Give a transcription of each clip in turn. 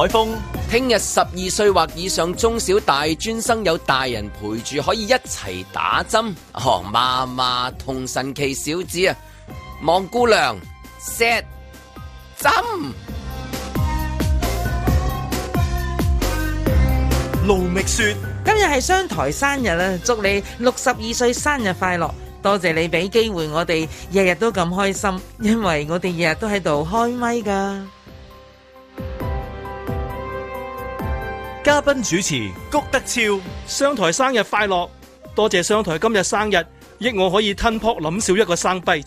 海風，聽日十二歲或以上中小大專生有大人陪住可以一齊打針。哦，媽媽同神奇小子啊，望姑娘，石針。盧覓雪今日係商台生日啊，祝你六十二歲生日快樂！多謝你俾機會我哋，日日都咁開心，因為我哋日日都喺度開咪噶。嘉賓主持谷德昭，商台生日快樂！多謝商台今日生日，益我可以吞撲諗少一個生胚，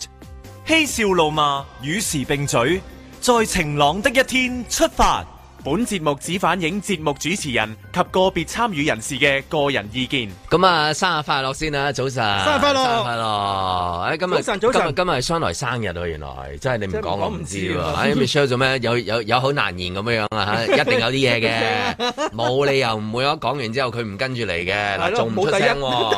嬉笑怒罵與時並舉，在晴朗的一天出發。本節目只反映節目主持人及個別參與人士嘅個人意見。咁啊，生日快樂先啦，早晨。生日快樂。生日快樂。哎，今日今日今日係雙台生日啊，原來。真係你唔講我唔知喎。哎，Michelle 做咩？有有有好難言咁樣樣啊吓，一定有啲嘢嘅。冇理由唔會咯，講完之後佢唔跟住嚟嘅，仲唔出聲。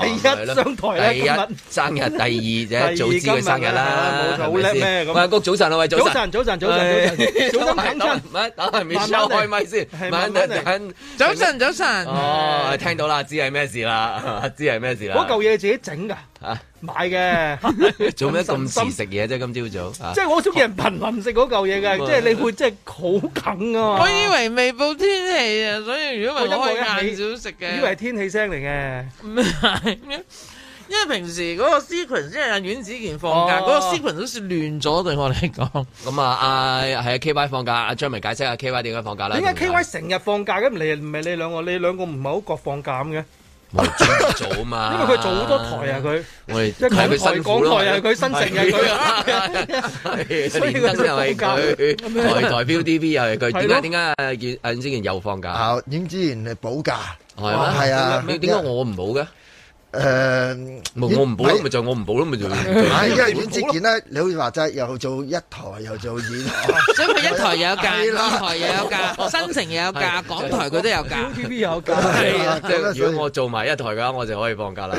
第一雙台啊，今日生日，第二啫，早知佢生日啦。好叻咩？各位早晨啊，喂早晨。早晨早晨早晨早晨早晨，打埋打埋 Michelle。開麥先，等等等，早晨早晨，哦，聽到啦，知係咩事啦， 知係咩事啦，嗰嚿嘢自己整噶，吓、啊、買嘅，做咩咁遲食嘢啫？ 今朝早、啊，即係我中意人頻頻食嗰嚿嘢嘅，即係你會 即係好啃啊！我以為未報天氣啊，所以如果唔係我開晏少食嘅，以為天氣聲嚟嘅因為平時嗰個 Sequence 即係阮子健放假，嗰個 Sequence 好似亂咗，對我嚟講。咁、哦、啊，阿係啊 K Y 放假，阿張明解釋下 K Y 點解放假啦？點解 K Y 成日放假嘅？唔係唔係你兩個，你兩個唔係好覺放假咁嘅？係做啊嘛，因為佢做好多台啊佢。我哋佢辛苦咯。港台又係佢新城嘅、啊、佢。所以佢又係佢。 台台 ViuTV 又係佢。點解點解阮子健又放假？啊，阮子健係補假係、哦、啊，係啊，點點解我唔補嘅？誒，我唔補咯，咪就我唔補咯，咪就。因為演節目咧，你好似話齋，又做一台，又做演，所以佢一台又有價，二台又有價，新城又有價，港台佢都有價，TVB 有價。係啊，即係如果我做埋一台嘅話，我就可以放假啦。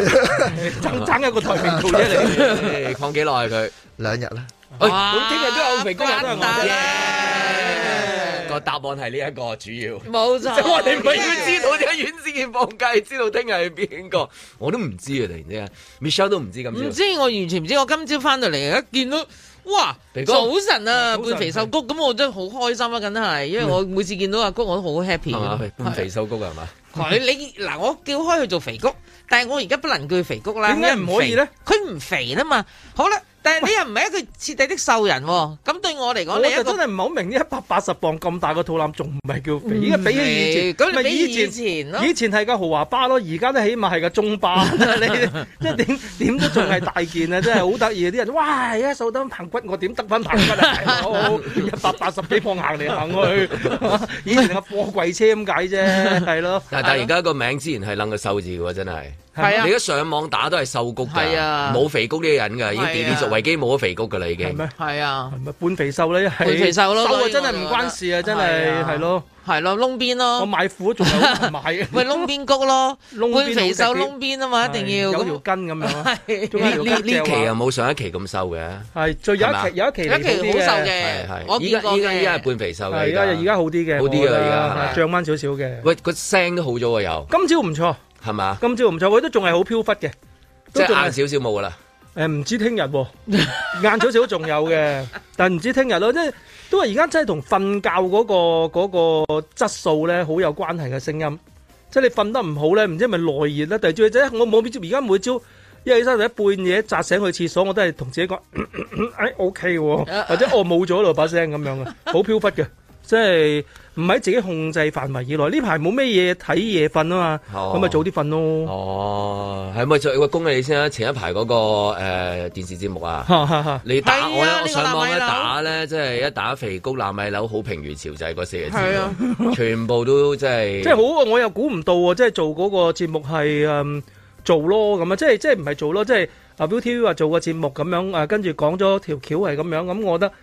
爭一個台面做啫，你放幾耐佢兩日啦。咁聽日都有肥，聽日都有我嘅。個答案係呢一個主要，冇錯。我哋唔係要知道啲 院子嘅放假，知道聽日係邊個，我都唔知啊。突然之間，Michelle 都唔知咁。唔知我完全唔知道。我今朝翻到嚟一見到，哇！肥早晨啊早，半肥瘦谷，咁、嗯、我真係好開心啊，梗係，因為我每次見到阿谷，我都好 happy、啊。半肥瘦谷係嘛？你嗱，我叫開佢做肥谷， 但係我而家不能叫肥谷啦。點解唔可以咧？佢唔肥啦嘛，好咧。但係你又唔係一個徹底的瘦人、哦，咁對我嚟講，你又真係唔好明呢一百八十磅咁大個肚腩，仲唔係叫肥？唔係，咁你以前以前係個豪華巴咯，而家都起碼係個中巴， 你即係點點都仲係大件啊！真係好得意啊！啲人，哇，而家瘦得棚骨，我點得翻棚骨啊？好好，一百八十幾磅行嚟行去，以前個貨櫃車咁解啫，係咯。 但係而家個名之前係冧個瘦字嘅，真係。真係啊！你而家上網打都係瘦谷㗎，冇肥谷呢個人㗎，已經變成熟維基冇咗肥谷㗎啦，已經。係啊，咪半肥瘦咯，半肥瘦咯。瘦，瘦真係唔關事啊，真係係咯。係咯，窿邊咯。我買褲都仲有買。喂， 窿邊谷咯，半肥瘦窿邊啊嘛，一定要有條根咁樣。呢呢期又冇上一期咁瘦嘅。係，最有一期有一期一一期好瘦嘅，我依家依家依家係半肥瘦嘅。而家而家好啲嘅。好啲啊！而家。漲翻少少嘅。喂，個聲都好咗喎，又。今朝唔錯。係嘛？今朝唔錯，佢都仲係好飄忽嘅，即係晏少少冇噶啦。誒，唔知聽日，晏少少仲有嘅，但係唔知聽日咯，即係都係而家真係同瞓覺嗰個嗰個質素咧，好有關係嘅聲音。即係你瞓得唔好咧，唔知係咪內熱咧？但係最緊，我冇而家每朝一起身就半夜扎醒去廁所，我都係同自己講，誒，OK，或者我冇咗咯把聲咁樣嘅，好飄忽嘅。即係唔喺自己控制範圍以內，呢排冇咩嘢睇夜瞓啊嘛，咁、哦、咪早啲瞓咯。哦，係咪做個恭喜你先啦，前一排嗰、那個誒、呃、電視節目啊，哈哈你打我呢、啊，我上網一打咧、即、這、係、個、一打肥谷南米樓好平如潮就係、是、個四人、啊、全部都 即係即係好，我又估唔到喎！即係做嗰個節目係誒做咯，咁、嗯、啊，即係即係唔係做咯？即係阿 Viu TV 話做個節目咁樣，跟、啊、住講咗條橋係咁樣，咁、嗯、我覺得。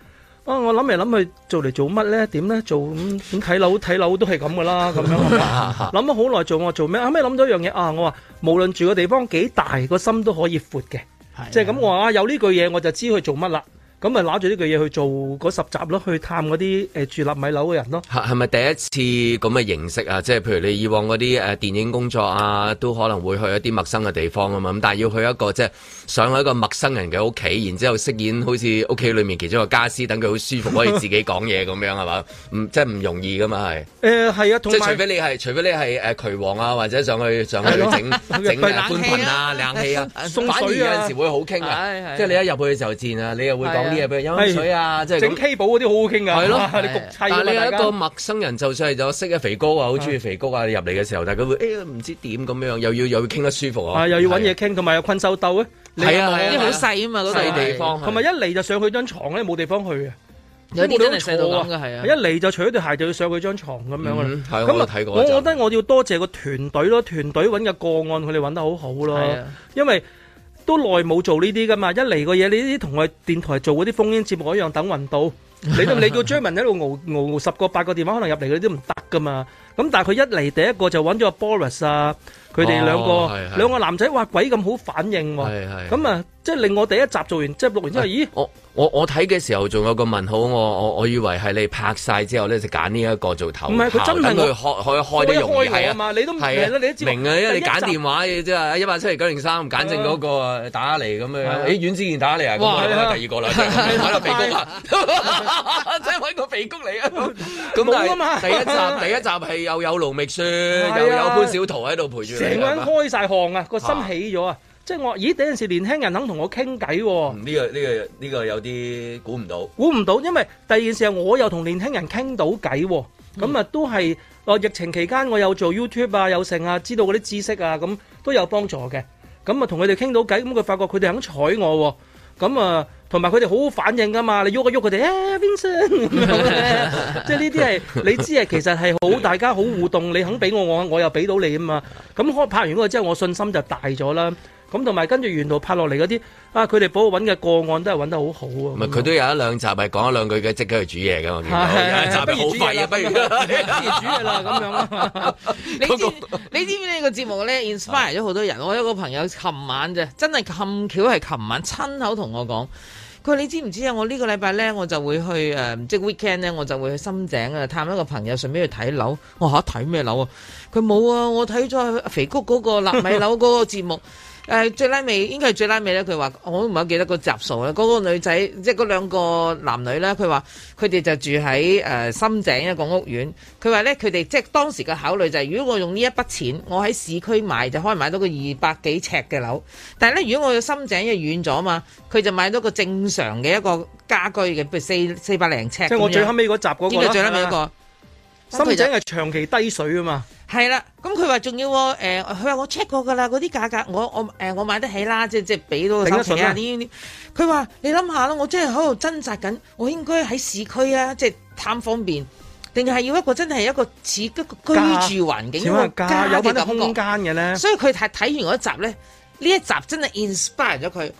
啊！我諗嚟諗去做嚟做乜咧？點咧？做咁咁睇樓睇樓都係咁噶啦，咁樣諗咗好耐做我做咩？後尾諗到一樣嘢啊！我話無論住個地方幾大，個心都可以闊嘅，即係咁我話啊，有呢句嘢我就知去做乜啦。咁咪攞住呢句嘢去做嗰十集咯，去探嗰啲、呃、住納米樓嘅人咯。係咪第一次咁嘅形式啊？即係譬如你以往嗰啲誒電影工作啊，都可能會去一啲陌生嘅地方啊嘛。咁但係要去一個即係上去一個陌生人嘅屋企，然之後飾演好似屋企裏面其中一個家私，等佢好舒服可以自己講嘢咁樣係、 嗯、嘛？即係唔容易㗎嘛係。誒、呃、係啊，即係除非你係 除非你係誒渠王啊，或者上去上去整整觀啊冷氣啊，氣啊， 反而有陣時會好傾啊。 即係你一入去就戰啊，你又會講。譬如飲水啊，即係整 K 寶嗰啲好好傾噶。係咯，但係你一個陌生人，就算係有識嘅肥哥啊，好中意肥哥啊，你入嚟嘅時候，大家會會唔、欸、知點咁樣，又要又要傾得舒服啊。又要揾嘢傾，同埋有困獸鬥啊？係啊，啲好細啊嘛，嗰啲地方。同埋一嚟就上去張床咧，冇地方去啊。一嚟就除咗對鞋就要上佢張床咁、嗯、樣咁我覺得我要多謝個團隊咯，團隊揾嘅個案佢哋揾得好好咯，因為。都耐冇做呢啲噶嘛，一嚟個嘢你呢啲同我哋電台做嗰啲風煙節目一樣等運到，你都你叫張文一路熬熬十個八個電話可能入嚟佢都唔得噶嘛。咁但係佢一嚟第一個就揾咗 Boris 啊，佢哋兩個兩、哦、個男仔哇鬼咁好反應喎、啊，咁啊、嗯嗯、即係令我第一集做完即係錄完之後，哎、咦？我我我睇嘅時候仲有個問號，我我以為係你拍晒之後咧就揀呢一個做頭，等佢開開開容開用，係啊，你都明啦、啊，你都明啊，因為你揀電話嘅啫啊，一八七二九零三揀正嗰個打嚟咁樣，咦？阮子健打嚟啊，咁第二個啦，睇落鼻公啊，即揾個鼻公嚟啊，咁第一集第一集係。 又有盧秘書、啊，又有潘小桃喺度陪住，成個人開晒汗啊！個心起咗啊！即係我咦？有陣時年輕人肯同我傾偈喎。呢、這個呢、這個呢、這個有啲估唔到。估唔到，因為第二件事係我又同年輕人傾到偈喎。咁啊，那啊嗯、都係啊、呃，疫情期間我有做 YouTube 啊，有成啊，知道嗰啲知識啊，咁都有幫助嘅。咁啊，同佢哋傾到偈，咁佢發覺佢哋肯睬我喎、啊。咁啊，同埋佢哋好好反應㗎嘛，你喐一喐佢哋， 啊邊聲，即係呢啲係你知呀其實係好大家好互動，你肯俾我我，我又俾到你啊嘛，咁、嗯、開拍完嗰個之後，我信心就大咗啦。咁同埋跟住沿途拍落嚟嗰啲啊，佢哋保揾嘅個案都係揾得好好啊！咪佢都有一兩集係講一兩句嘅，即刻去煮嘢嘅我見，一集集好快嘅，不如煮啦咁樣 你知道 你知唔知呢個節目咧 inspire 咗好多人？我有個朋友琴晚啫，真係咁巧係琴晚親口同我講，佢話你知唔知啊？我個呢個禮拜咧，我就會去誒，即 weekend 咧，我就會去深井啊探一個朋友，順便去睇樓。我睇咩樓啊？佢冇啊，我睇咗肥谷嗰個納米樓嗰個節目。 誒、呃、最拉尾應該係最拉尾咧，佢話我唔係記得個集數啦。嗰、那個女仔即係嗰兩個男女咧，佢話佢哋就住喺誒、呃、深井一個屋苑。佢話咧，佢哋即係當時嘅考慮就係、是，如果我用呢一筆錢，我喺市區買就可以買到個二百幾尺嘅樓。但係咧，如果我嘅深井又遠咗嘛，佢就買到個正常嘅一個家居嘅，譬如四四百零尺。即係我最後尾嗰集嗰最拉尾一個？啊啊深井係長期低水啊嘛，係啦，咁佢話仲要誒，佢、呃、話我 check 過噶啦，嗰啲價格我我誒、呃、我買得起啦，即係即係俾到佢。頂得順呢呢，佢話你諗下啦，我真係喺度掙扎緊，我應該喺市區啊，即係貪方便，定係要一個真係一個似居住環境，有家庭空間嘅咧。所以佢睇睇完嗰集咧，呢一集真係 inspire 咗佢。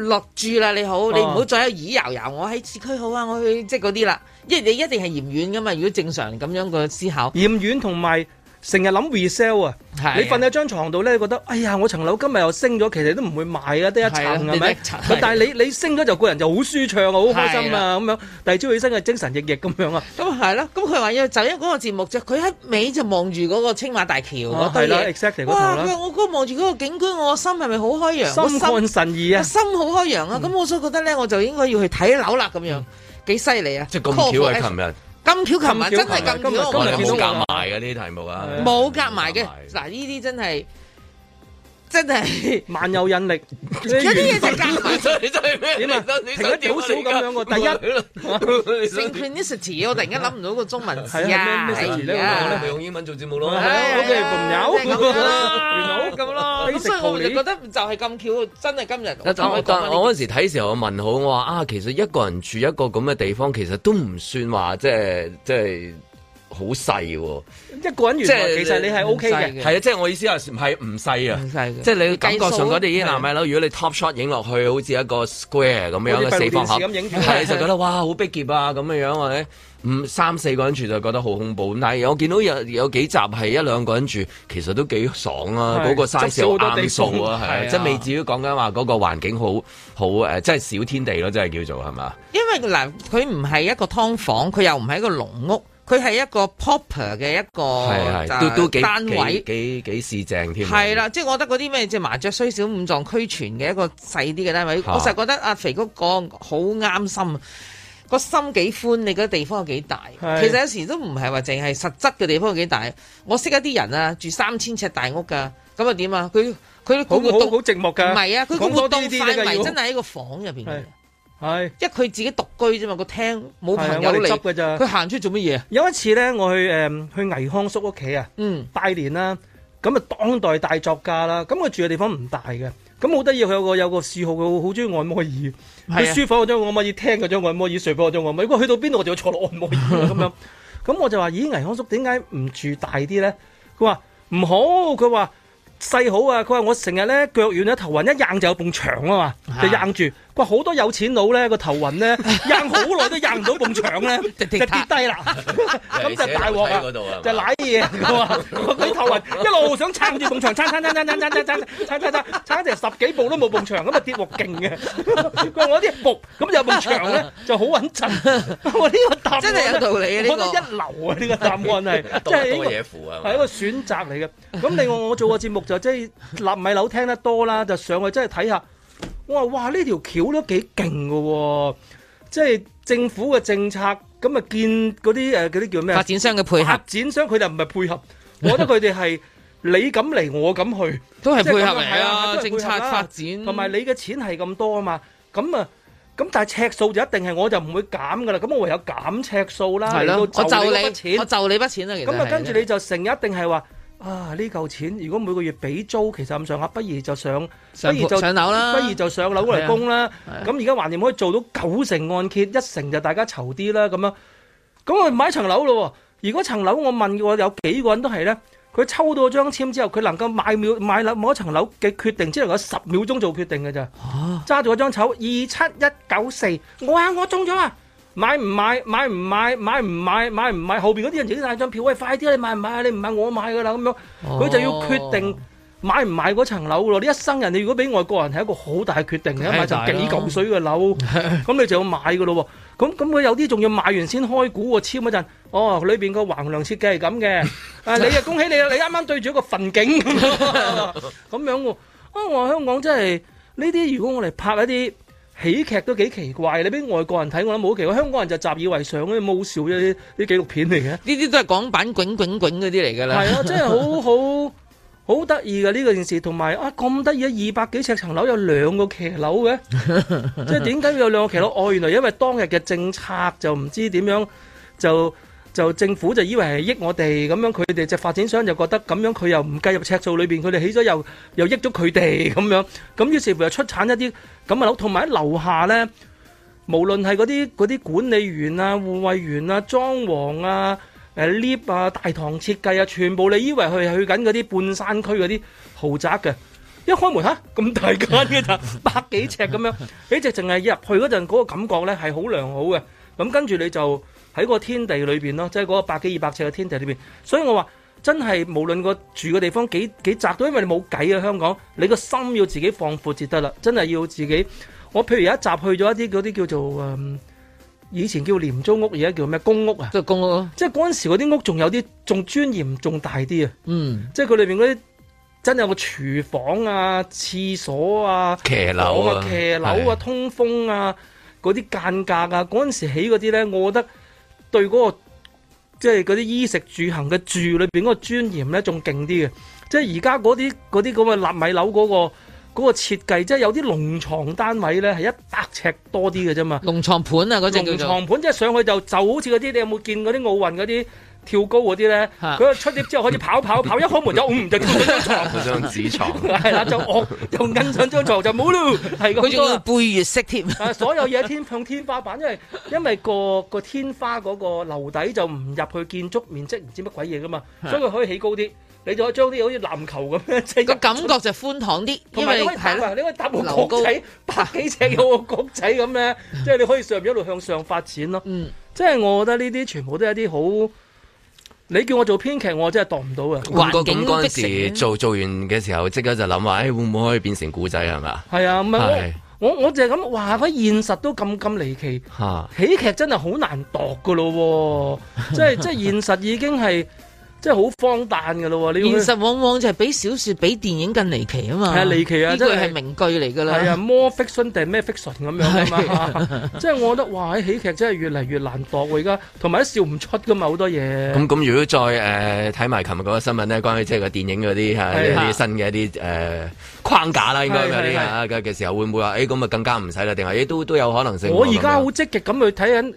落注啦！你好，oh. 你唔好再有耳油油。我喺市區好啊，我去即嗰啲啦。因為你一定係嫌遠噶嘛？如果正常咁樣個思考，嫌遠同埋。成日諗 resale 啊，啊！你瞓喺張床度咧，你覺得哎呀，我層樓今日又升咗，其實都唔會賣啊，得一層係咪？啊啊？但係你你升咗就個人就好舒暢啊，好開心啊咁，啊、樣。第二朝起身係精神奕奕咁樣是啊。咁係啦，咁佢話要就因嗰個節目就佢喺尾就望住嗰個青馬大橋。係啦 exactly 哇！我望住嗰個景觀，我心係咪好開揚？心神怡啊！心好開揚啊！咁我所以覺得咧，我就應該要去睇樓啦咁樣。幾犀利啊！即係咁巧啊！琴日。金條琴日真係咁咗，我冇夾埋嘅呢啲題目啊！冇夾埋嘅，嗱呢啲真係。真係萬有引力，有啲嘢就夾埋，你真係咩？好少咁樣個第一 ，synchronicity，我突然間諗唔到個中文詞啊。我哋咪用英文做節目咯。啊，我哋係朋友咁咯，咁咯。咁、就係、 所以我哋覺得就係咁巧， 真係今日。但我嗰陣時睇時候，我問好，我話啊，其實一個人住一個咁嘅地方，其實都唔算話，即係即係。好細喎，一個人完、OK，即係其實你係 O K 嘅，係啊，即係、就是、我意思係唔係唔細啊？即係、就是、你感覺上嗰啲啲納米樓，如果你 top shot 影落去，好似一個 square 咁樣嘅四方盒，係就覺得哇好逼傑啊咁嘅樣，或者五三四個人住，就覺得好恐怖。但係我見到有有幾集係一兩個人住，其實都幾爽啊！嗰、那個 size 啱數啊，係即係未至於講緊話嗰個環境好好誒，即係、呃、小天地咯，即係叫做係嘛？因為嗱，佢唔係一個劏房，佢又唔係一個農屋。佢係一個 proper 嘅一個單位，幾幾市正添。係啦、嗯，即係我覺得嗰啲咩即係麻雀雖小五臟俱全嘅一個細啲嘅單位，啊、我成日覺得阿肥哥講好啱心，個心幾寬，你個地方有幾大。其實有時都唔係話淨係實質嘅地方有幾大。我識一啲人啊，住三千尺大屋噶，咁啊點啊？佢佢個活動好，好，好寂寞㗎，唔係啊，佢個活動範圍真係一個房入面。係因為佢自己獨居啫嘛，個廳冇朋友嚟。佢行出做乜嘢？有一次咧，我去誒、嗯、去倪康叔屋企啊，拜年、嗯、啦。咁啊，當代大作家啦。咁佢住嘅地方唔大嘅。咁好得意，佢有個有個嗜好，佢好中意按摩椅。佢書房嗰張按摩椅，聽佢張按摩椅睡服我。張按摩去到邊度我就會坐落按摩椅啊咁 樣。咁我就話，咦，倪康叔點解唔住大啲咧？佢話唔好，佢話細好啊。佢話我成日咧腳軟咧頭暈，一硬就有埲牆啊嘛，就硬住。 好多有錢佬咧個頭暈咧，行好耐都行唔到埲牆咧， 就跌低啦，咁 重了 就大慘鑊了， 就舐嘢，佢頭暈一路想撐住埲牆，撐撐撐撐撐撐撐撐撐撐成十幾步都冇埲牆，咁 啊跌落勁嘅。我啲木咁有埲牆咧就好穩陣。我呢個答真係有道理，啊，啊這個，呢一個一流啊呢個答案係，係一個選擇嚟嘅。咁 另外我做個節目就即係納米樓聽得多啦，就上去真係睇下。我話哇，呢條橋都幾勁噶，即係政府嘅政策，咁啊，見嗰啲誒，嗰啲叫咩？發展商嘅配合，發展商佢就唔係配合， 我覺得佢哋係你咁嚟，我咁去，都係配合嚟，就係，啊，啊！政策發展，同埋你嘅錢係咁多啊嘛，咁啊咁，但係尺數就一定係，我就唔會減噶啦，咁我唯有減尺數啦，嚟我就你筆，嗰個，錢，我就你筆錢啦。咁啊，跟住你就成日一定係話。啊！呢嚿錢如果每個月俾租，其實咁上下，不如就上，上，上樓啦，不如就上樓嚟供啦。咁而家還掂可以做到九成按揭，一成就大家籌啲啦。咁樣，咁我買一層樓咯。如果層樓我問嘅話，有幾個人都係咧？佢抽到一張籤之後，佢能夠買秒買某一層樓嘅決定，只能夠十秒鐘做決定嘅咋。揸住嗰張籌二七一九四，我話我中咗啊！買唔買？買唔買？買唔買？買唔買？後邊嗰啲人自己買張票，喂，快啲啦！你買唔買啊？你唔買我買噶啦，咁樣，佢、哦、就要決定買唔買嗰層樓咯。你一生人，你如果俾外國人係一個好大決定嘅，買層幾舊水嘅樓，咁 你就要買噶咯。咁咁佢有啲仲要買完先開估，超一陣，哦，裏邊個橫樑設計係咁嘅。 啊，你啊，恭喜你啦！你啱啱對住一個墳景咁 樣喎。啊，我話香港真係呢啲，這些如果我嚟拍一啲。喜劇都幾奇怪，你俾外國人睇我諗冇好奇怪，香港人就習以為常啲冇笑嘅啲紀錄片嚟嘅。呢啲都係港版囧囧囧嗰啲嚟㗎啦。係 啊，真係好好好得意嘅呢個電視，同埋啊，咁得意啊，二百幾尺層樓有兩個騎樓嘅， 即係點解有兩個騎樓？哦、啊，原來因為當日嘅政策就唔知點樣就。就政府就以為係益我哋咁樣，佢哋隻發展商就覺得咁樣，佢又唔計入尺數裏邊，佢哋起咗又又益咗佢哋咁樣。咁於是乎又出產一啲咁嘅樓，同埋喺樓下呢，無論係嗰啲嗰啲管理員啊、護衛員啊、裝潢啊、誒、啊、lift 啊、大堂設計啊，全部你以為佢係去緊嗰啲半山區嗰啲豪宅嘅，一開門吓，咁、啊、大間嘅就百幾尺咁樣，你直淨係入去嗰陣嗰個感覺呢係好良好嘅。咁跟住你就。喺個天地裏邊咯，即係嗰個百幾二百尺嘅天地裏邊，所以我話真係無論個住嘅地方幾幾窄都，因為你冇計啊！香港，你個心要自己放闊至得啦，真係要自己。我譬如有一集去咗一啲嗰啲叫做嗯，以前叫廉租屋，而家叫咩公屋啊？即係公屋。即係嗰陣時嗰啲屋仲有啲仲尊嚴仲大啲啊！嗯，即係佢裏邊嗰啲真係有個廚房啊、廁所啊、騎樓啊、騎樓啊、騎樓啊、通風啊嗰啲間隔啊，嗰陣時起嗰啲咧，我覺得。對嗰個即係嗰啲衣食住行嘅住裏面嗰個尊嚴咧，仲勁啲嘅。即係而家嗰啲嗰啲咁嘅納米樓嗰個嗰個設計，即係有啲龍牀單位呢，係一百尺多啲嘅啫嘛。龍牀盤啊，嗰個叫做。龍牀盤即係上去就就好似嗰啲，你有冇見嗰啲奧運嗰啲？跳高嗰啲咧，佢、啊、出碟之後開始跑跑跑， 一開門就嗯就見到張紙牀，係 啦，就我就摁上張牀就冇啦，係咁多。佢仲要貝月式添。所有嘢天向天花板，因為因為個個天花嗰個樓底就唔入去建築面積，唔知乜鬼嘢㗎嘛，所以佢可以起高啲。你就可以將啲好似籃球咁樣，個感覺就寬敞啲。同埋你可以睇啊，你可以搭個閣仔百幾尺嘅個閣仔咁咧、嗯，即係你可以上面一路向上發展咯、啊嗯。即係我覺得呢啲全部都係一啲好。你叫我做編劇，我真係度唔到啊！咁嗰陣時做做完嘅時候，即刻就諗話，誒、哎，會唔會可以變成古仔係係嘛？係啊，唔係我我我就係咁，話佢現實都咁咁離奇，啊、喜劇真係好難度噶咯，即係即係現實已經係。 即係好荒誕㗎咯喎！現實往往就係比小説、比電影更離奇啊嘛！係、啊、離奇啊！呢句係名句嚟㗎啦！係啊，啊，more fiction 定係咩 fiction 咁、啊、樣、啊啊、 即係我覺得哇，喺喜劇真係越嚟越難度喎、啊！而家同埋笑唔出㗎、啊、嘛，好多嘢。咁咁，如果再誒睇埋琴日嗰個新聞呢，關於即係個電影嗰啲啊啲、啊、新嘅一啲誒、呃、框架啦，應該嗰啲嘅時候，會唔會話誒咁啊更加唔使啦？定係都都有可能性？我而家好積極咁去睇緊。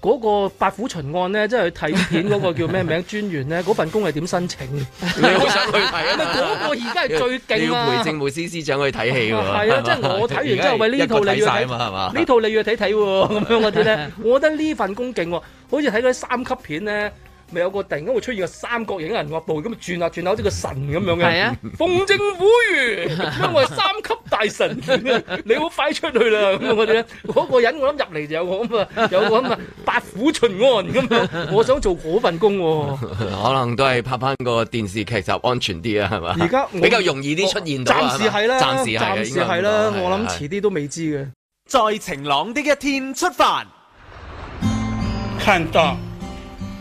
嗰、那個白虎巡案咧，即係去睇片嗰個叫咩名字 專員咧，嗰份工係點申請？ 你好想去睇啊！嗰個而家係最勁啊！你陪政務司司長去睇戲喎。係啊，即係、啊就是、我睇完之後，為呢套你要睇啊嘛，係嘛？呢套你要睇睇喎，咁樣嗰啲咧， 我覺得呢份工勁喎、哦，好似睇嗰啲三級片咧。咪有個突然間會出現個三角形人物部咁啊轉下轉下好似個神咁樣嘅，係啊，奉政府如，因為我係三級大神， 你好快出去啦咁 我哋咧嗰個人我諗入嚟就有個咁啊，有個咁啊八府巡按咁樣，我想， 我想做嗰份工、啊， 可能都係拍翻個電視劇集，安全啲啊，係嘛，而家比較容易啲出現到，暫時係啦，暫時係啦，我諗遲啲都未知嘅。在晴朗的一天出發，看到。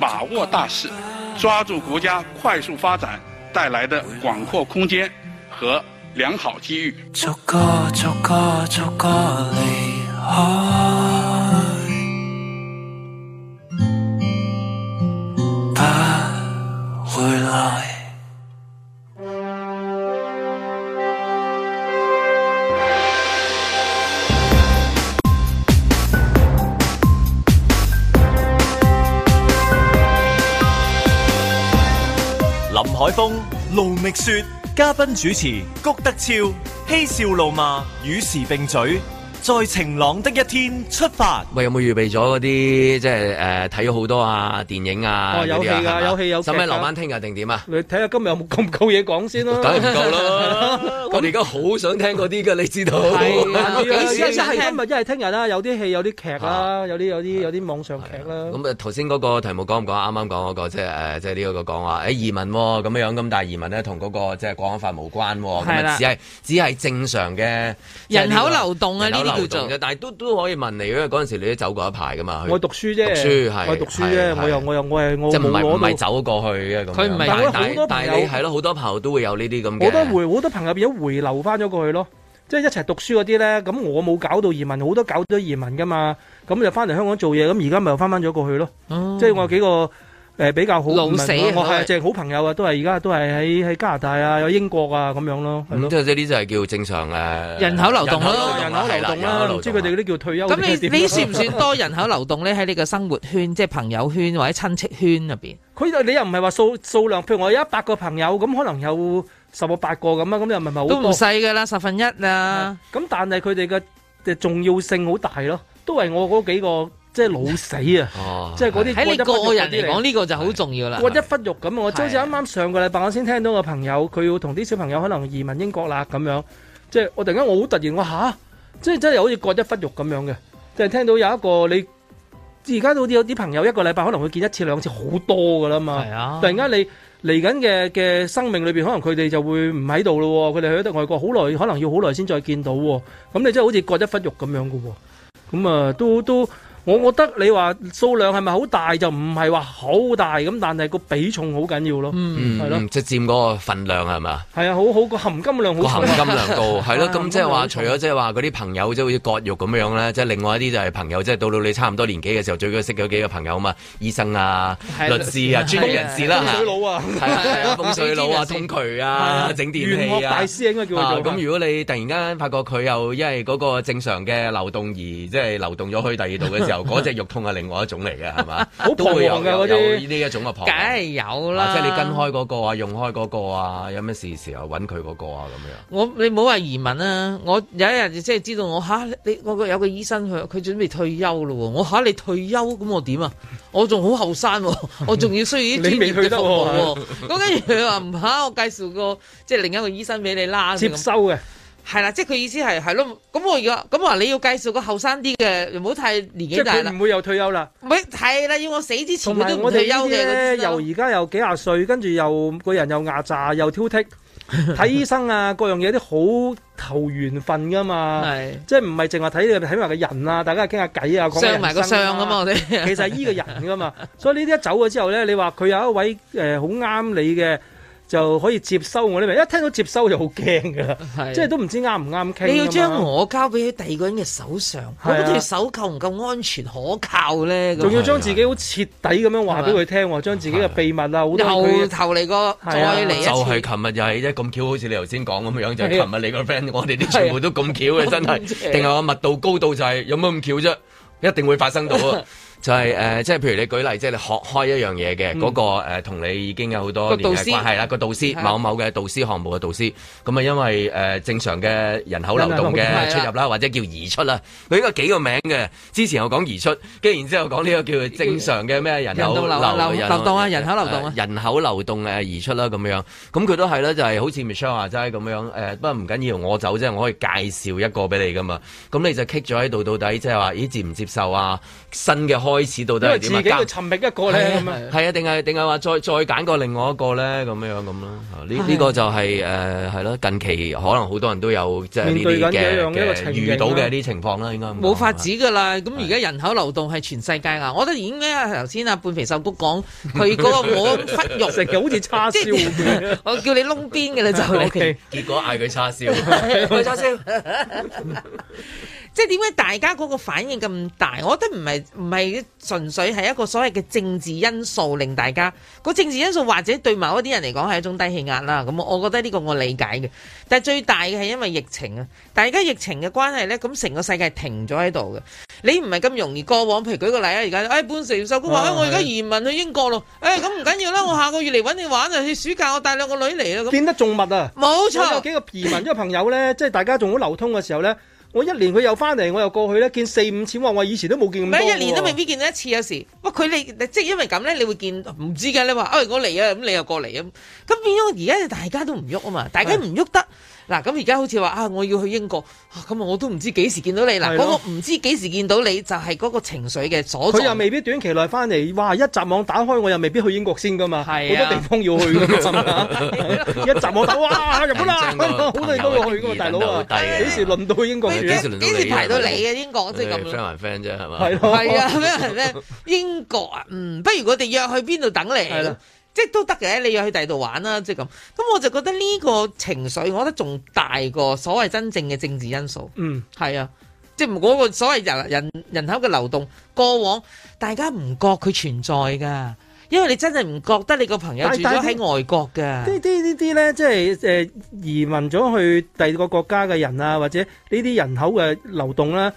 把握大勢，抓住國家快速發展帶來的廣闊空間和良好機遇。海東盧覓雪，嘉賓主持谷德昭、嬉笑怒罵與時並舉。在晴朗的一天出發，喂，有冇預備咗嗰啲即係誒睇咗好多啊電影啊嗰啲、哦、啊，啊？有戲㗎，有戲有。使唔使留翻聽日定點啊？你睇下今日有冇咁夠嘢講先咯。梗係唔夠啦！我哋而家好想聽嗰啲㗎， 你知道、啊？係啊，啊， 啊，啊，啊，今日一係聽日啦、啊，有啲戲有啲劇啦，有啲、啊啊、有啲有啲網上劇啦。咁啊，頭先嗰個題目講唔講？啱啱講嗰、那個，即係誒，即係呢個講話誒、欸、移民咁、啊、樣，咁大移民咧同嗰個即係、就是、國安法無關喎、啊。係啦、啊。只係只係正常嘅、就是這個、人口流動啊！呢但係都都可以問你，因為嗰陣時你都走過一排噶嘛。我讀書啫，讀書係我係讀書啫，我又我又我係我冇我。即係唔係唔係走過去嘅咁。佢唔係，但係你係咯，好多朋友我都會有呢啲咁嘅。好多回好多朋友變咗回流翻咗過，過去咯，即係一齊讀書嗰啲咧。咁我冇搞到移民，好多搞咗移民噶嘛。咁就翻嚟香港做嘢，咁而家咪又翻翻咗過去咯。哦、即係我有幾個。誒比較好老死，我係淨係好朋友啊，都係而家都係喺喺加拿大啊，有英國啊咁樣咯，係咯。咁即係呢啲就係叫正常嘅人口流動，人口流動啦，即係佢哋嗰啲叫退休。咁你你算唔算多人口流動咧？喺你嘅生活圈，即係朋友圈或者親戚圈入邊，佢你又唔係話數數量，譬如我有一百個朋友，咁可能有十個八個咁啊，咁又唔係咪好都唔細㗎啦，十分一啦。咁但係佢哋嘅重要性好大咯，都係我嗰幾個。即係老死啊、哦！即係嗰啲喺你個人嚟講，呢個就好重要啦。割一忽肉咁，我就係、好似啱啱上個禮拜我先聽到個朋友，佢要同啲小朋友可能移民英國啦咁樣。即係我突然間我好突然，我吓，即係真係好似割一忽肉咁樣嘅。即係聽到有一個你而家都有啲朋友一個禮拜可能會見一次兩次好多噶啦嘛。突然間你嚟緊嘅嘅生命裏邊，可能佢哋就會唔喺度咯。佢哋去咗啲外國，好耐，可能要好耐先再見到。咁你真係好似割一忽肉咁樣嘅。咁啊，都都～我覺得你話數量係咪好大就唔係話好大咁，但係個比重好緊要咯，係、嗯、咯，即係、嗯就是、佔嗰個份量係咪啊？係啊，好好個含金量，個含金量高係咯。咁即係話除咗即係話嗰啲朋友即係好似割肉咁樣咧，即係另外一啲就係朋友，即、就、係、是、到到你差唔多年紀嘅時候，最緊要識咗幾個朋友啊嘛，醫生啊、律師啊、專業人士啦、啊，水佬啊，風水佬啊、通 渠啊、啊 整電器啊，玄學大師應該叫佢咁、啊、如果你突然間發覺佢又因為嗰個正常嘅流動而即係流動咗去第二度嘅時候。 嗰 隻肉痛係另外一種嚟嘅，係嘛？ 都會有呢一種嘅旁。梗係有啦，即係你跟開嗰個啊，用開嗰個啊，有咩事時候揾佢嗰個啊咁樣。我你冇話移民啊，我有一日即係知道我吓、啊、你我個有個醫生佢佢準備退休咯喎，我吓、啊、你退休咁我點啊？我仲好後生，我仲要需要啲專業嘅服務喎。咁跟住佢話唔嚇，我介紹個即係另一個醫生俾你啦，接收嘅。係啦，即係佢意思係係咯，咁我如果咁話你要介紹個後生啲嘅，唔好太年紀大啦。唔會又退休啦。唔係，係啦，要我死之前佢都唔退休嘅啫。又而家又幾廿歲，跟住又個人又壓榨又挑剔，睇醫生啊， 各樣嘢都好投緣分噶嘛。係，即係唔係淨係睇睇埋個人啊，大家傾下偈啊，講埋、啊、個相啊嘛。哋其實係依個人噶嘛， 所以呢啲一走咗之後咧，你話佢有一位誒好啱你嘅，就可以接收我呢味，一聽到接收就好驚㗎，即係都唔知啱唔啱傾。你要將我交俾第二個人嘅手上，我覺得你手夠唔夠安全可靠咧？仲要將自己好徹底咁樣話俾佢聽，將自己嘅秘密啊，好多嘢。嚟個，再嚟就係琴日又係一咁巧好似你頭先講咁樣，就係琴日你個 friend，、就是、我哋啲全部都咁巧嘅，真係。定係話密度高度就滯、是，有冇咁巧啫？一定會發生到。 就係、是、誒，即、呃、係譬如你舉例，即、就、係、是、你學開一樣嘢嘅嗰個同你已經有好多連關係啦。個導師某某嘅導師項目嘅導師，咁啊，某某因為誒、呃、正常嘅人口流動嘅出入啦，或者叫移出啦，佢應該幾個名嘅。之前我講移出，跟住然之後我講呢個叫正常嘅咩人口流動、嗯、流,流,流,流,流,流,流動啊，人口流動啊，啊人口流動移出啦咁樣。咁佢都係啦，就係、是、好似 Michelle 話齋咁樣誒，呃、不過唔緊要，我走即係我可以介紹一個俾你㗎嘛。咁你就卡咗喺度，到底即係話咦接唔接受啊？新嘅。開始到底係點啊？因自己要尋覓一個咧？係啊，定係定係話再再揀過另外一個咧，咁樣這樣咁咯。呢呢、啊這個就係誒係咯，近期可能好多人都有即係呢啲嘅遇到嘅啲情況啦，應該冇法子噶啦。咁而家人口流動係全世界啊，我覺得已經咧。頭先阿半肥瘦谷講佢嗰個我骨肉食嘅好似叉燒， 我叫你窿邊嘅啦就， 結果嗌佢叉燒，叉燒。即係點解大家嗰個反應咁大？我覺得唔係唔係純粹係一個所謂嘅政治因素令大家，嗰個政治因素或者對某一啲人嚟講係一種低氣壓啦。咁我覺得呢個我理解嘅。但係最大嘅係因為疫情啊！大家疫情嘅關係呢，咁成個世界停咗喺度嘅。你唔係咁容易過往，譬如舉個例啊，而家，哎、半城壽公話，我而家移民去英國咯。誒、哎，咁唔緊要啦，我下個月嚟搵你玩啊！去暑假我帶兩個女嚟啊！變得仲密啊！冇錯，我有幾個移民一個朋友呢，即係大家仲好流通嘅時候呢。我一年佢又翻嚟，我又過去咧，見四五次，話我以前都冇見咁多。一年都未必見到一次，有時。佢你即係因為咁咧，你會見唔知㗎你話，哎我嚟啊，咁你又過嚟咁，咁變咗而家大家都唔喐啊嘛，大家唔喐得。嗱，咁而家好似話啊，我要去英國，咁、啊、我都唔知幾時見到你。嗱，嗰個唔知幾時見到你就係嗰個情緒嘅所在。佢又未必短期內翻嚟，哇！一集網打開，我又未必去英國先噶嘛，好多地方要去噶嘛。一集網打，哇！日本好多人都要去嘅，大佬。幾時輪到英國？幾時輪到你啊？英國即係咁。friend 啫係嘛？係咯。係啊咩咩英國、哎、啊英國，嗯，不如我哋約去邊度等你？即都得嘅，你要去第二度玩啦，即係咁。咁我就覺得呢個情緒，我覺得仲大過所謂真正嘅政治因素。嗯，係啊，即唔過個所謂人人人口嘅流動，過往大家唔覺佢存在噶，因為你真係唔覺得你個朋友住咗喺外國嘅。這些這些這些呢啲呢啲咧，即係、呃、移民咗去第二個國家嘅人啊，或者呢啲人口嘅流動啦、啊，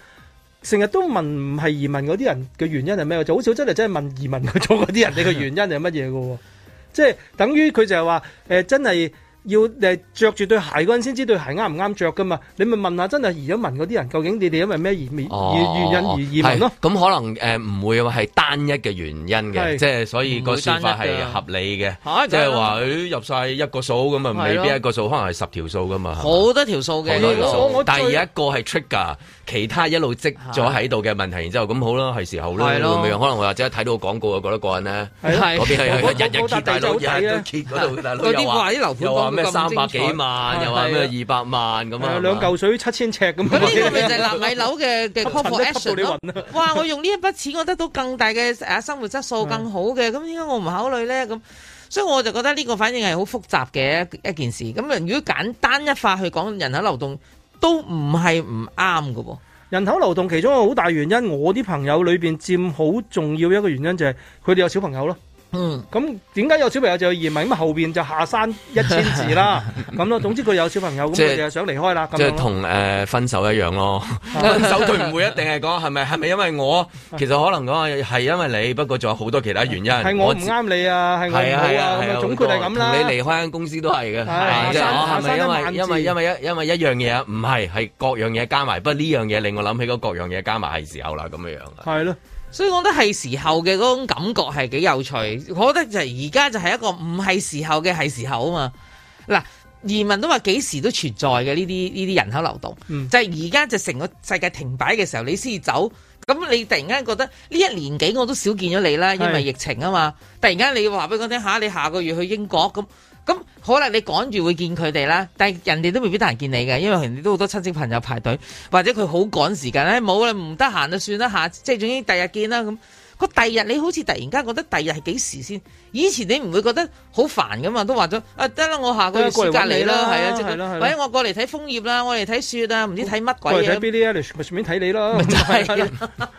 成日都問唔係移民嗰啲人嘅原因係咩，就好少真係真係問移民咗嗰啲人你嘅原因係乜嘢噶。 即係等於佢就係話：誒、呃，真係。要誒著住對鞋嗰陣先知道對鞋啱唔啱着噶嘛？你咪問下真係移民問嗰啲人，究竟你哋因為咩而面、哦、而，而，而、呃、原因而移民咯？咁可能誒唔會話係單一嘅原因嘅，即係所以個說法係合理嘅，即係話佢入晒一個數咁啊，未必一個數可能係十條數噶嘛。好多條數嘅，但係而一個係 Trigger，其他一路積咗喺度嘅問題，然之後咁好啦，係時候啦，會唔會可能或者睇到廣告啊，覺得個人呢，嗰係 日嗰啲話啲樓盤咩三百幾萬，又話咩二百萬咁啊？兩嚿水七千尺咁。呢個咪就係納米樓嘅嘅 property action 哇！我用呢一筆錢，我得到更大嘅誒生活質素更好嘅，咁點解我唔考慮咧？咁所以我就覺得呢個反應係好複雜嘅一件事。咁啊，如果簡單一化去講人口流動，都唔係唔啱嘅喎。人口流動其中一個好大原因，我啲朋友裏邊佔好重要一個原因就係佢哋有小朋友咯。嗯，咁點解有小朋友就要移民？咁後邊就下山一千字啦，咁咯。總之佢有小朋友，咁佢就想離開啦。即係同誒分手一樣咯。分手佢唔會一定係講係咪係咪因為我，其實可能講係因為你，不過仲有好多其他原因。係我唔啱你啊！係我唔好啊！總括係咁啦。同你離開間公司都係嘅，下山下山都係。因為因為因為一因為一樣嘢唔係係各樣嘢加埋，不過呢樣嘢令我諗起嗰各樣嘢加埋係時候啦，咁樣樣嘅。係咯。所以我覺得係時候嘅嗰種感覺係幾有趣，我覺得就係而家就係一個唔係時候嘅係時候啊嘛。嗱，移民都話幾時都存在嘅呢啲呢啲人口流動，嗯、就係而家就成個世界停擺嘅時候你先至走，咁你突然間覺得呢一年幾我都少見咗你啦，因為疫情啊嘛，突然間你話俾我聽吓、啊，你下個月去英國咁。咁好啦，你趕住會見佢哋啦，但係人哋都未必得閒見你嘅，因為人哋都好多親戚朋友排隊，或者佢好趕時間咧，冇、哎、啦，唔得閒就算啦下，即、就、係、是、總之第二日見啦咁。個第二日你好似突然間覺得第二日係幾時先？以前你唔會覺得好煩噶嘛，都話咗啊，得啦，我下個月過嚟你啦，係、嗯、啊，或者、嗯、我過嚟睇楓葉啦，我嚟睇雪啊，唔知睇乜鬼嘢、啊、咁。過嚟咪順便睇你咯，咪就係、是啊啊。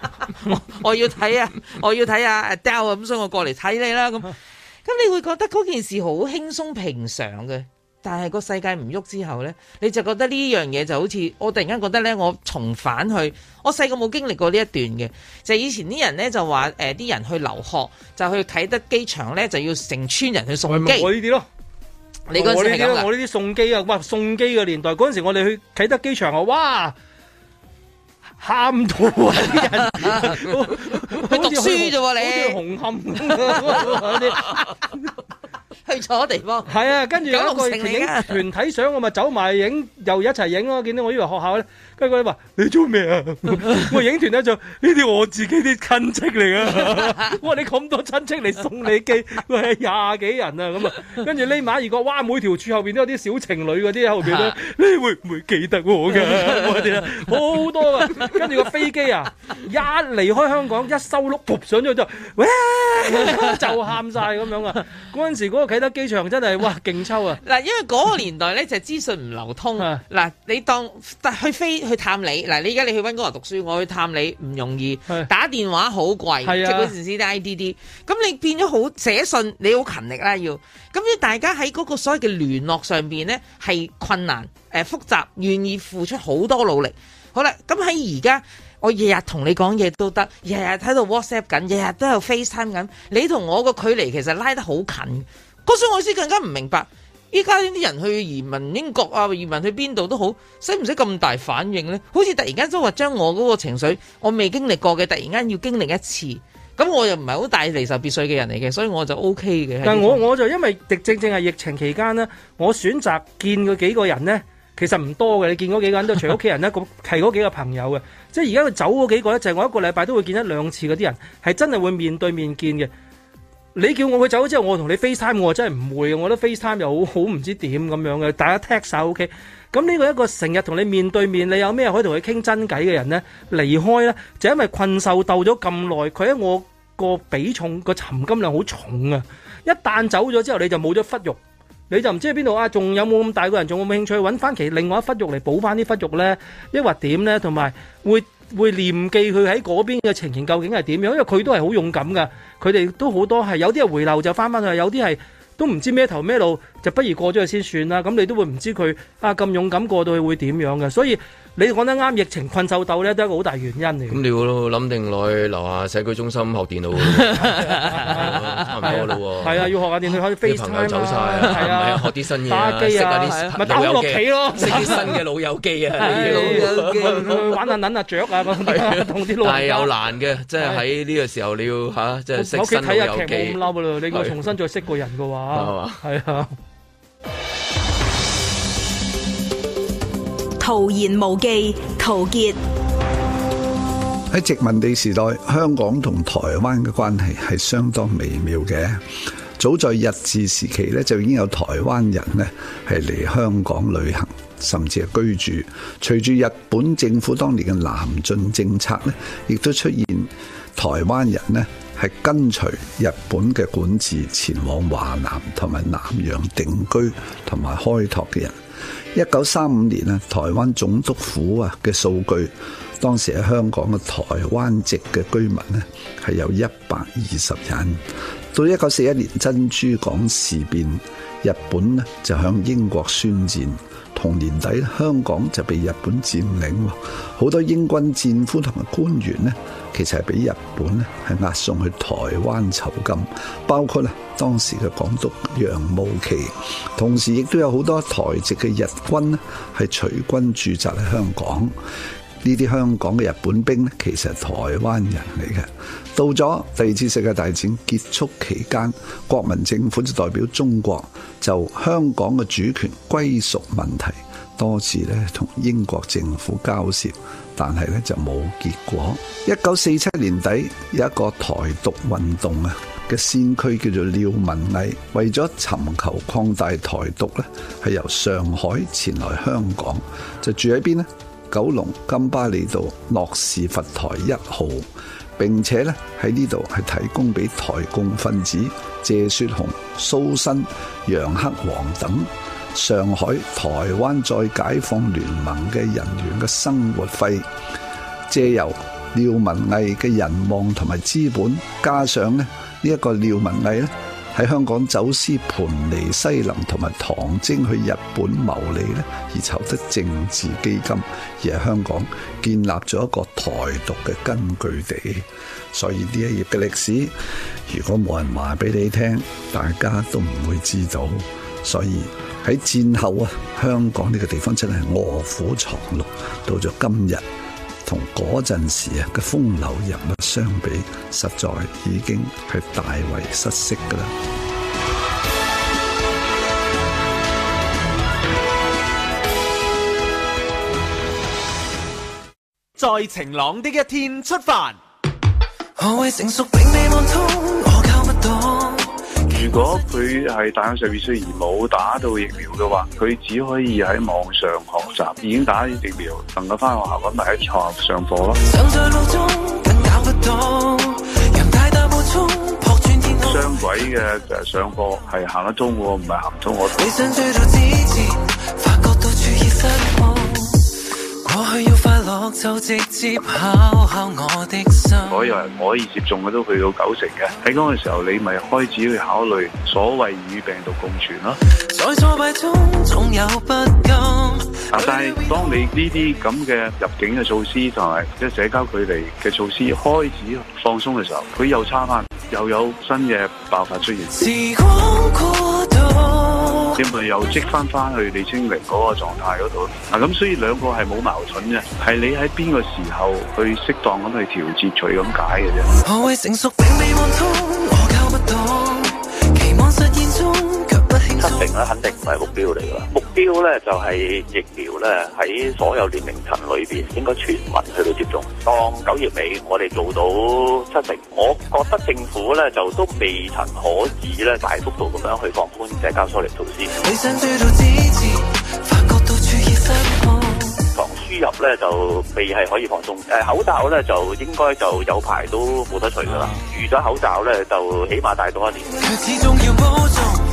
我要睇啊，我要睇阿 Del 啊，咁所以我過嚟睇你啦、啊、咁。 咁你會覺得嗰件事好輕鬆平常嘅，但係個世界唔喐之後呢，你就覺得呢樣嘢就好似我突然間覺得呢。我重返去，我細個冇經歷過呢一段嘅，就係、以前啲人呢，就話啲、呃、人去留學就去啟德機場呢，就要成村人去送機呢啲咯，你嗰陣時我呢啲送機啊，哇送機嘅年代嗰陣時我哋去啟德機場啊，哇！憨到啊！啲人，佢 讀書啫喎，你紅磡。 去錯地方，係啊，跟住有一個影團睇相，我咪走埋影，又一齊影咯。見到我依度學校咧，跟住佢話：你做咩啊？我影團咧就呢啲我自己啲親戚嚟啊！我話你咁多親戚嚟送你機，喂，廿幾人啊咁啊！跟住呢晚如果，哇，每條柱後邊都有啲小情侶嗰啲後邊咧，你會唔會記得我嘅？好多啊！跟住個飛機啊，一離開香港一收碌，撲上咗就，喂，就喊晒咁樣啊！嗰陣時嗰個。喺得機場真係哇勁抽啊！嗱， 因為嗰個年代咧 就資訊唔流通啊！嗱， 你當去飛去探你，嗱，你而家你去温哥華讀書，我去探你唔容易，打電話好貴，啊、即嗰陣時啲 IDD，咁你變咗好寫信，你好勤力啦要，咁要大家喺嗰個所謂嘅聯絡上面咧係困難、呃、複雜，願意付出好多努力。好啦，咁喺而家我日日同你講嘢都得，日日喺度 WhatsApp 緊，日日都有 FaceTime 緊，你同我個距離其實拉得好近。所以我先更加唔明白，依家呢啲人去移民英國啊，移民去邊度都好，使唔使咁大反應呢？好似突然間都話將我嗰個情緒，我未經歷過嘅，突然間要經歷一次，咁我又唔係好大離愁別緒嘅人嚟嘅，所以我就 O K 嘅。但我我就因為正正係疫情期間呢，我選擇見嗰幾個人呢，其實唔多嘅。你見嗰幾個人都除咗屋企人呢，咁係嗰幾個朋友嘅。即係而家佢走嗰幾個呢，就係、是、我一個禮拜都會見一兩次嗰啲人，係真係會面對面見嘅。你叫我去走咗之後，我同你 FaceTime，我真係唔會，我覺得 FaceTime 又好好唔知點咁樣嘅，大家 text 晒 OK。咁呢個一個成日同你面對面，你有咩可以同佢傾真偈嘅人呢？離開呢，就因為困獸鬥咗咁耐，佢喺我個比重、個沉金量好重啊！一旦走咗之後，你就冇咗忽肉，你就唔知去邊度啊？仲有冇咁大個人，仲有冇興趣揾翻其另外一忽肉嚟補翻啲忽肉呢？抑或點呢？同埋會。會念記佢喺嗰邊嘅情形究竟係點樣，因為佢都係好勇敢噶。佢哋都好多係有啲係回流就翻翻去，有啲係。都唔知咩頭咩路，就不如過咗去先算啦。咁你都會唔知佢啊咁勇敢過到去會點樣嘅。所以你講得啱，疫情困獸鬥呢，都係一個好大原因嚟。咁你要諗定落去樓下社區中心學電腦。係 啊，啊，啊，啊，要學下電腦，可以 Facebook 啊。啲朋友走曬啊，啊，啊，啊，學啲新嘢啊，識下啲老友機咯，啊機啊啊、新嘅老友機啊，玩下撚下雀啊，同啲老友機、啊。係又難嘅，即係喺呢個時候你要嚇，即係識我屋企睇下劇冇咁嬲啦，你要重新再識個人嘅話。係、啊、嘛？係徒然無忌，陶傑。喺殖民地時代，香港同台灣嘅關係係相當微妙嘅。早在日治時期咧，就已經有台灣人呢係嚟香港旅行，甚至係居住。隨住日本政府當年嘅南進政策呢，亦都出現台灣人呢，係跟隨日本嘅管治前往華南同埋南洋定居同埋開拓嘅人。一九三五年咧，台灣總督府啊嘅數據，當時喺香港嘅台灣籍嘅居民咧係有一百二十人。到一九四一年珍珠港事變，日本咧就向英國宣戰，同年底香港就被日本佔領，好多英軍戰俘同埋官員咧，其實係俾日本咧係押送去台灣囚禁，包括啊當時嘅港督楊慕琦，同時亦都有好多台籍嘅日軍咧係隨軍駐紮喺香港。呢啲香港嘅日本兵咧，其實係台灣人嚟嘅。到咗第二次世界大戰結束期間，國民政府就代表中國就香港嘅主權歸屬問題多次咧同英國政府交涉。但係咧就冇結果。一九四七年底有一個台獨運動啊嘅先驅叫做廖文毅，為咗尋求擴大台獨呢係由上海前來香港，就住喺邊咧？九龍金巴利道諾士佛台一號。並且呢喺呢度係提供俾台共分子謝雪紅、蘇新、楊克煌等。上海、台灣再解放聯盟嘅人員嘅生活費，借由廖文毅嘅人望同埋資本，加上咧呢一個廖文毅咧喺香港走私盤尼西林同埋糖精去日本牟利咧，而籌得政治基金，而喺香港建立咗一個台獨嘅根據地。所以呢一頁嘅歷史，如果冇人話俾你聽，大家都唔會知道。所以。喺戰後啊，香港呢個地方真係臥虎藏龍。到咗今日，同嗰陣時啊嘅風流人物相比，實在已經係大為失色噶啦。在晴朗的一天出發。我未成熟並未如果佢係大約十二歲而冇打到疫苗嘅話，佢只可以喺網上學習；已經打咗疫苗，能夠翻學校揾埋喺學校上課咯。雙軌嘅上課係行得通喎，唔係行唔通喎。我去要快樂就直接敲敲我的心。所有人可以接種嘅都去到九成嘅，喺嗰個時候你咪開始去考慮所謂與病毒共存咯。在挫敗中總有不甘，啊。但係當你呢啲咁嘅入境嘅措施同埋即係社交距離嘅措施開始放鬆嘅時候，佢又差翻，又有新嘅爆發出現。時光你咪又積返返去李清明 𠮶 個狀態 𠮶 度，嗱，咁所以兩個係冇矛盾嘅，係你喺邊個時候去適當咁去調節，隨咁解嘅啫。並未肯定唔係目標嚟噶，目標咧就係、是、疫苗咧喺所有年齡層裏邊應該全民去到接種。當九月尾我哋做到七成，我覺得政府咧就都未曾可以咧大幅度咁樣去放寬社交疏離措施。防輸入咧就未係可以放鬆，誒，口罩咧就應該就有排都冇得除噶啦。預咗口罩咧就起碼戴多一年。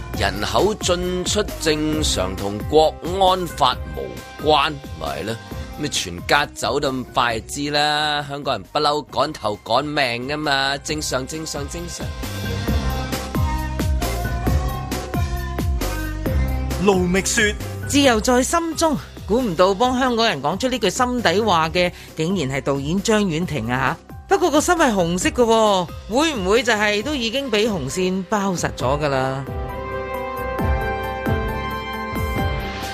人口進出正常同國安法無關，咪係囉，咩全家走得咁快，知啦？香港人不嬲趕頭趕命啊嘛！正常，正常，正常。盧覓雪：自由在心中。估唔到幫香港人講出呢句心底話嘅，竟然係導演張婉婷啊！吓，不過個心係紅色噶，會唔會就係都已經俾紅線包實咗噶啦？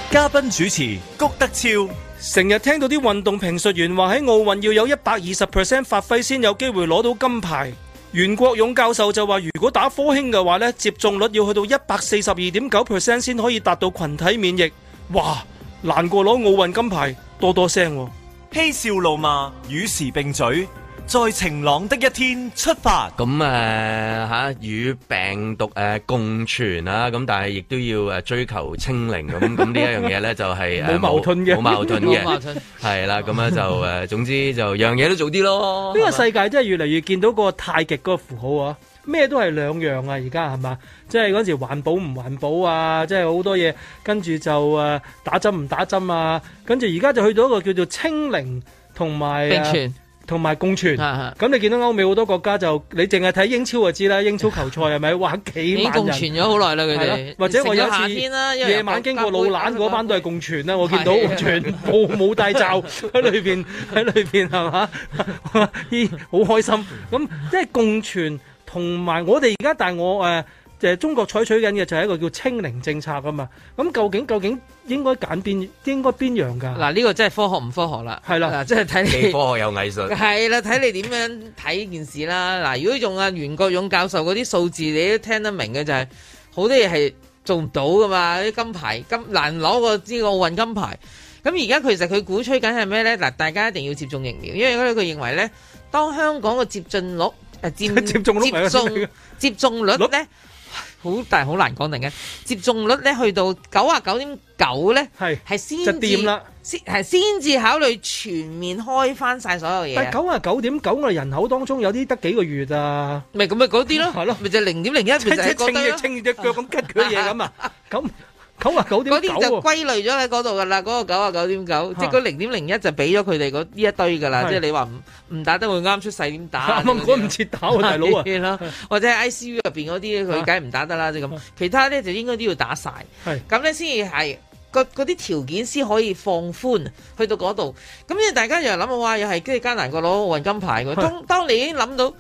嘉賓主持谷德超，成日聽到啲運動評述員話喺奧運要有一百二十 percent 發揮先有機會攞到金牌。袁國勇教授就話，如果打科興嘅話呢，接種率要去到一百四十二點九 percent 先可以達到群體免疫。哇，難過攞奧運金牌多多聲，啊，嬉笑怒罵與時並嘴。在晴朗的一天出發。咁誒吓與病毒誒、啊、共存啦，咁、啊、但係亦都要誒追求清零，咁咁呢一樣嘢咧就係、誒、好矛盾嘅，好矛盾嘅，矛，矛盾。係 啦，咁啊就誒，總之就樣嘢都做啲咯。呢 個世界真係越嚟越見到個太極嗰個符號啊，咩都係兩樣啊，而家係嘛，即係嗰陣時環保唔環保啊，即係好多嘢，跟住就誒、啊、打針唔打針啊，跟住而家就去到一個叫做清零同埋。同埋共存，咁你見到歐美好多國家就，你淨係睇英超就知啦，英超球賽係咪玩幾萬人共存咗好耐啦佢哋。或者我有一次夜、啊、晚經過老懶嗰班都係共存啦，我見到、哎、全部冇戴罩喺裏 面，喺裏面，係嘛，咦，好開心，咁即係共存同埋我哋而家，但係我、呃就中國採取緊嘅就係一個叫清零政策㗎嘛，咁究竟究竟應該揀邊應該邊樣噶？嗱、啊，呢、呢個真係科學唔科學啦？係、啊、啦，嗱，即係睇你。科學有藝術。係啦，睇你點樣睇件事啦。嗱、啊，如果用阿袁國勇教授嗰啲數字，你都聽得明嘅就係、是、好多嘢係做唔到噶嘛，啲金牌金難攞過呢個奧運金牌。咁而家其實佢鼓吹緊係咩呢？嗱，大家一定要接種疫苗，因為佢認為呢，當香港嘅接，、啊、接， 接種率接種率接種率呢好，但係好難講定嘅接種率咧，去到九啊九點九咧，係係先至，就掂啦，先係先至考慮全面開翻晒所有嘢。但係九啊九點九，我哋人口當中有啲得幾個月啊，咪咁咪嗰啲咯，係咯，咪就零點零一，咪就稱住稱住隻腳咁拮佢嘢咁啊，咁。九、那個、啊九點九，嗰啲就歸類咗喺嗰度噶啦，嗰個九啊九點九，即係嗰零點零一就俾咗佢哋嗰呢一堆噶啦。即係你話唔唔打得會啱出世點打？咁唔切打啊大佬啊，或者 ICU 入邊嗰啲佢梗唔打得啦，即係咁。其他咧就應該都要打晒，咁咧先係嗰啲條件先可以放寬去到嗰度。咁所以大家又諗話，又係跟住艱難過攞奧運金牌，當當你已經諗到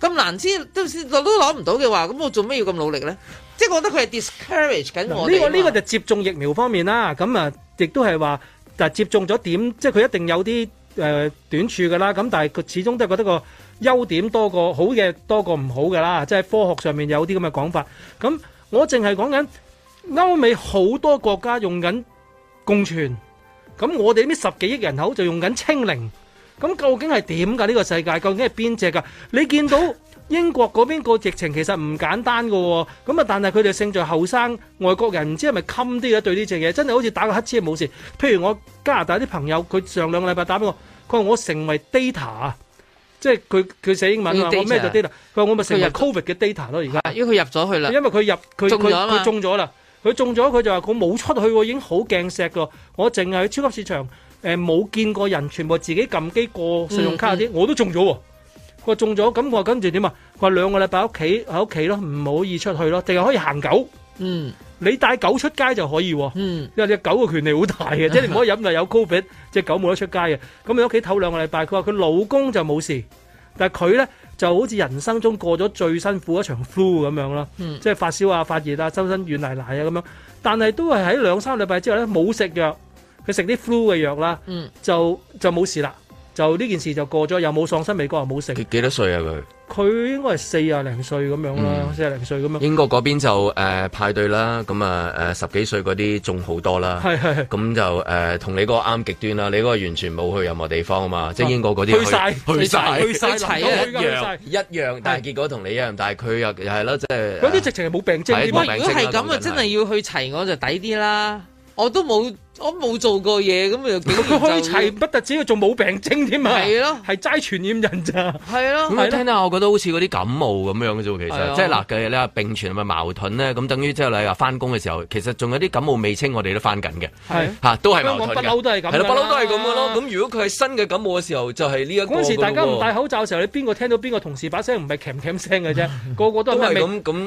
咁難先都都攞唔到嘅話，咁我做咩要咁努力咧？即係我覺得佢係 discourage 緊我哋呢、啊呢個呢、呢個就接種疫苗方面啦，咁啊亦都係話，就係接種咗點，即係佢一定有啲誒、呃、短處噶啦，咁但係佢始終都係覺得個優點多過好嘅多過唔好噶啦，即係科學上面有啲咁嘅講法。咁我淨係講緊歐美好多國家用緊共存，咁我哋呢十幾億人口就用緊清零，咁究竟係點噶？呢、呢個世界究竟係邊隻噶？你見到？ 英國嗰邊個疫情其實唔簡單喎。咁啊，但係佢哋勝在後生，外國人唔知係咪襟啲嘅對呢隻嘢，真係好似打個乞嗤冇事。譬如我加拿大啲朋友，佢上兩個禮拜打俾我，佢話我成為 data 啊，即係佢佢寫英文啊，我咩就 data。佢話我咪成為 Covid 嘅 data 咯，而家因為佢入咗去啦，因為佢入佢佢中咗啦，佢中咗佢就話佢冇出去喎，已經好驚死嘅，我淨係去超級市場冇、呃、見過人，全部自己撳機過信用卡啲、嗯嗯，我都中咗喎。佢話中咗，咁我跟住點啊？佢話兩個禮拜屋企喺屋企咯，唔好意出去咯，淨係可以行狗。嗯，你帶狗出街就可以。嗯，因為隻狗嘅權利好大嘅、嗯，即係你唔可以飲啊。有 covid 隻狗冇得出街嘅，咁你屋企唞兩個禮拜。佢話佢老公就冇事，但係佢咧就好似人生中過咗最辛苦一場 flu 咁樣咯。嗯，即係發燒啊、發熱啊、周身軟泥泥啊咁樣，但係都係喺兩三禮拜之後咧冇食藥，佢食啲 flu 嘅藥啦，嗯，就就冇事啦。就呢件事就過咗，又冇喪失美國，又冇死。幾多歲啊佢？佢應該係四啊零歲咁樣啦、嗯，四啊零歲咁樣。英國嗰邊就誒、呃、派對啦，咁啊誒十幾歲嗰啲仲好多啦。咁就誒同、呃、你嗰個啱極端啦，你嗰個完全冇去任何地方啊嘛，啊即係英國嗰啲去晒去晒去晒齊啊，一樣，但係結果同你一樣，但係佢又係咯，即係嗰啲直情係冇病症。病症如果係咁啊，真係要去齊我就抵啲啦，我都冇。我冇做過嘢，咁又幾？佢虛柴不特止，要仲冇病徵添嘛係咯，係齋傳染人咋？係咯，咁聽下，我覺得好似嗰啲感冒咁樣嘅啫，其實即係嗱，佢哋咧並存咪矛盾呢？咁等於即係你如話翻工嘅時候，其實仲有啲感冒未清，我哋都翻緊嘅。都係矛盾。不嬲都係咁。係不嬲都係咁嘅咯。咁、啊、如果佢係新嘅感冒嘅時候，就係、是、呢一個咁喎。嗰陣時大家唔戴口罩嘅時候，你邊個聽到邊個同事把聲唔係侃侃聲嘅啫？ 個個都係未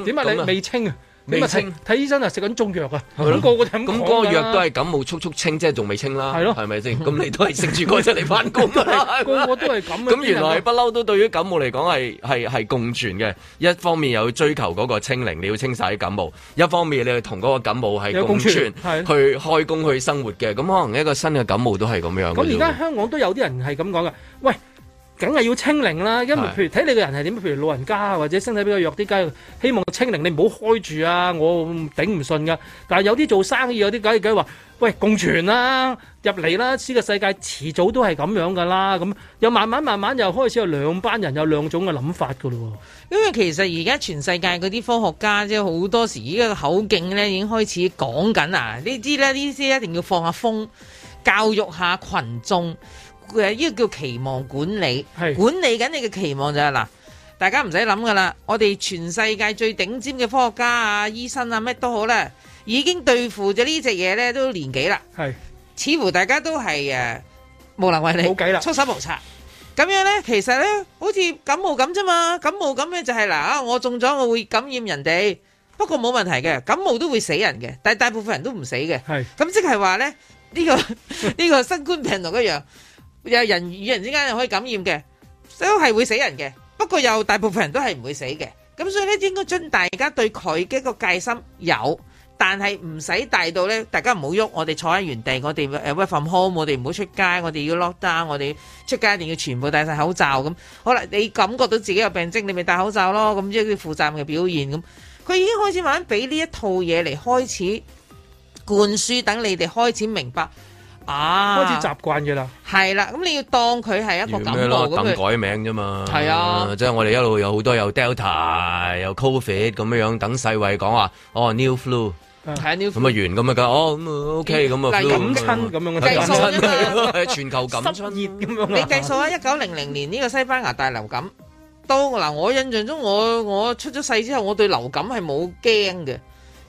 點解、啊、你未清啊？咁未清，睇醫生啊食緊中藥啊，係咯個個係咁嗰個藥都係、嗯、感冒速速清，即係仲未清啦。係咯，係咪先？咁 你都係食住個先嚟翻工啦。 個個都係咁。咁原來不嬲都對於感冒嚟講係係係共存嘅。一方面又要追求嗰個清零，你要清晒啲感冒；一方面你要同嗰個感冒係共存，共存，去開工去生活嘅。咁可能一個新嘅感冒都係咁樣。咁而家香港都有啲人係咁講噶，喂。梗係要清零啦，因為譬如睇你個人係點，譬如老人家或者身體比較弱啲，梗希望清零。你唔好開住啊，我頂唔順噶。但係有啲做生意，有啲梗係話，喂，共存啦、啊，入嚟啦，呢個世界遲早都係咁樣噶啦。咁又慢慢慢慢又開始有兩班人有兩種嘅諗法噶咯。因為其實而家全世界嗰啲科學家即係好多時而家口徑咧已經開始講緊啊，呢啲咧，呢啲一定要放下風，教育下群眾。呢、這個叫期望管理，管理緊你嘅期望就係。嗱，大家唔使諗噶啦，我哋全世界最頂尖嘅科學家啊、醫生啊，乜都好啦，已經對付咗呢隻嘢咧，都年幾啦，係，似乎大家都係誒、啊、無能為力，冇計啦，束手無策。咁樣咧，其實咧，好似感冒咁啫嘛，感冒咁樣就係、是、嗱、啊，我中咗我會感染人哋，不過冇問題嘅，感冒都會死人嘅，但係大部分人都唔死嘅，係，咁即係話咧呢、這個呢、這個新冠病毒一樣。有人與人之間又可以感染嘅，都係會死人嘅。不過有大部分人都係唔會死嘅。咁所以咧，應該將大家對佢嘅一個戒心有，但係唔使大到咧，大家唔好喐。我哋坐喺原地，我哋誒 work from home，我哋唔好出街，我哋要 lock down，我哋出街一定要全部戴晒口罩咁。好啦，你感覺到自己有病徵，你咪戴口罩咯。咁即係佢負責嘅表現。咁佢已經開始慢慢俾呢一套嘢嚟開始灌輸，等你哋開始明白。啊，開始習慣嘅啦，係啦，咁你要當佢係一個感覺咁。等改名啫嘛，係啊，即、啊、係、就是、我哋一路有好多有 Delta、有 COVID 咁樣等世衞講話哦 New Flu，下、啊啊、New，咁啊完咁啊噶，哦咁 OK 咁、嗯、啊，流感咁樣嘅。全球感染咁、啊、你計數下，一九零零年呢個西班牙大流感，到嗱我印象中我，我我出咗世之後，我對流感係冇驚嘅。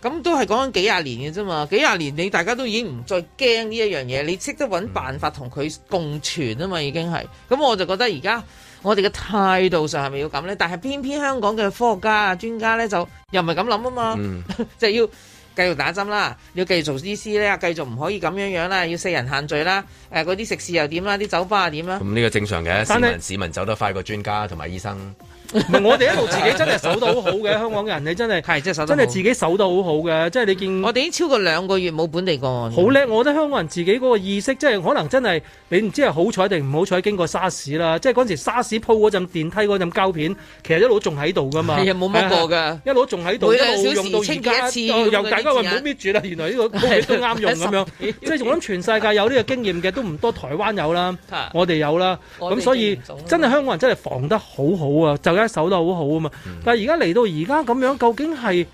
咁都係講緊幾廿年嘅啫嘛，幾廿年你大家都已經唔再驚呢一樣嘢，你識得搵辦法同佢共存啊嘛，已經係。咁我就覺得而家我哋嘅態度上係咪要咁呢？但係偏偏香港嘅科學家啊、專家呢，就又唔係咁諗啊嘛，即、嗯、係 要繼續打針啦，要繼續做醫師呢，繼續唔可以咁樣樣啦，要四人限聚啦，誒嗰啲食肆又點啦，啲酒吧又點啦。咁呢個正常嘅市民，市民走得快過專家同埋醫生。 我哋一路自己真係守得好好嘅， 香港人你真係、就係、真係自己守得好好嘅，即係你見我哋已經超過兩個月冇本地個案。好、嗯、叻！我覺得香港人自己嗰個意識，即係可能真係你唔知係好彩定唔好彩，經過沙士啦。即係嗰陣時 SARS 鋪嗰陣電梯嗰陣膠片，其實一路仲喺度㗎嘛，係啊冇乜過㗎，一路仲喺度，一路用到而家又大家話唔好搣住啦， 原來呢個，個都啱用咁 樣。即係我諗全世界有呢個經驗嘅 都唔多，台灣有啦， 我哋有啦，咁所以真係香港人真係防得好好啊！ 而家守得好好啊嘛，但係而家嚟到而家咁樣，究竟係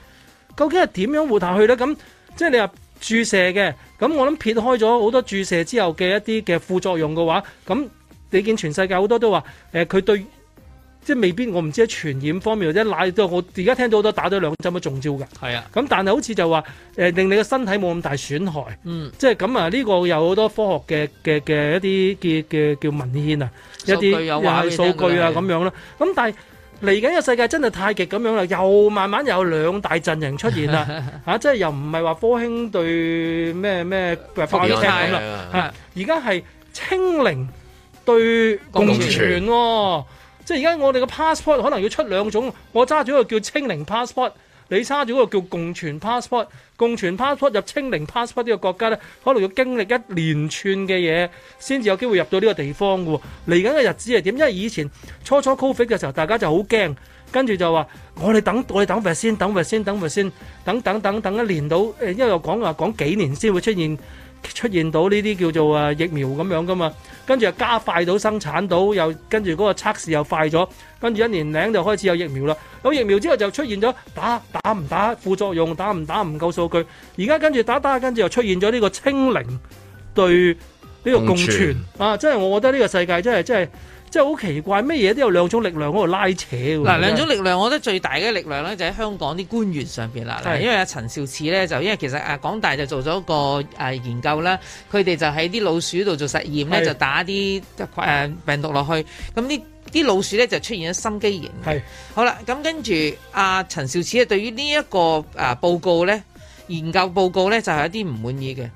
究竟係點樣活下去咧？咁即係你話注射嘅，咁我諗撇開咗好多注射之後嘅一啲嘅副作用嘅話，咁你見全世界好多都話，誒、呃、佢對即係未必我唔知喺傳染方面或者奶都我而家聽到好多打咗兩針都中招嘅，係啊，咁但係好似就話誒、呃、令你嘅身體冇咁大損害，嗯、即係咁啊呢個有好多科學嘅嘅嘅一啲嘅嘅叫文獻啊，一啲壞數據啊咁樣囉，咁但係。嚟緊個世界真係太極咁樣啦，又慢慢又有兩大陣營出現啦嚇、 啊，即係又唔係話科興對咩咩 Rockefeller 咁啦，而家係清零對共、哦、共存，即係而家我哋個 passport 可能要出兩種，我揸咗個叫清零 passport。你揸住嗰個叫共存 passport、共存 passport 入清零 passport 呢個國家咧，可能要經歷一連串嘅嘢，先至有機會入到呢個地方喎。嚟緊嘅日子係點？因為以前初初 COVID 嘅時候，大家就好驚，跟住就話我哋等，我哋等埋先，等埋先，等埋先，等等等等，等一年到誒，因為又講話講幾年先會出現。出現到呢啲叫做疫苗咁樣噶嘛，跟住又加快到生產到，又跟住嗰個測試又快咗，跟住一年零就開始有疫苗啦。咁疫苗之後就出現咗打打唔打副作用，打唔打唔夠數據。而家跟住打打，跟住又出現咗呢個清零對呢個共存，共存啊！即係我覺得呢個世界真係真係。真係好奇怪，咩嘢都有兩種力量喺度拉扯嗱，兩種力量，我覺得最大嘅力量咧就喺香港啲官員上面啦。因為阿陳肇始咧，就因為其實啊港大就做咗個誒研究啦，佢哋就喺啲老鼠度做實驗咧，就打啲病毒落去，咁呢啲老鼠咧就出現咗心肌炎。好啦，咁跟住阿陳肇始啊，對於呢一個誒報告咧，研究報告咧，就係一啲唔滿意嘅。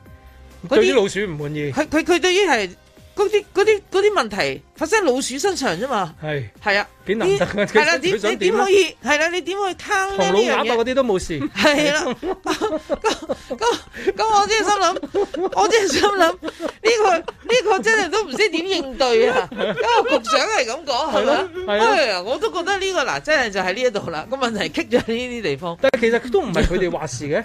對啲老鼠唔滿意。佢佢佢嗰啲嗰啲嗰啲問題發生喺老鼠身上咋嘛，係係啊。點難得啊！係啦，你點可以？係啦，你點去攤呢樣嗰啲都冇事。係啦，咁咁咁，我真係心諗， 我真係心諗，呢個呢個真係都唔知點應對啊！ 因為我局長係咁講，係咪？係啊。啊，我都覺得呢個嗱，真係就喺呢一度啦。個問題棘咗呢啲地方。但係其實都唔係佢哋話事嘅，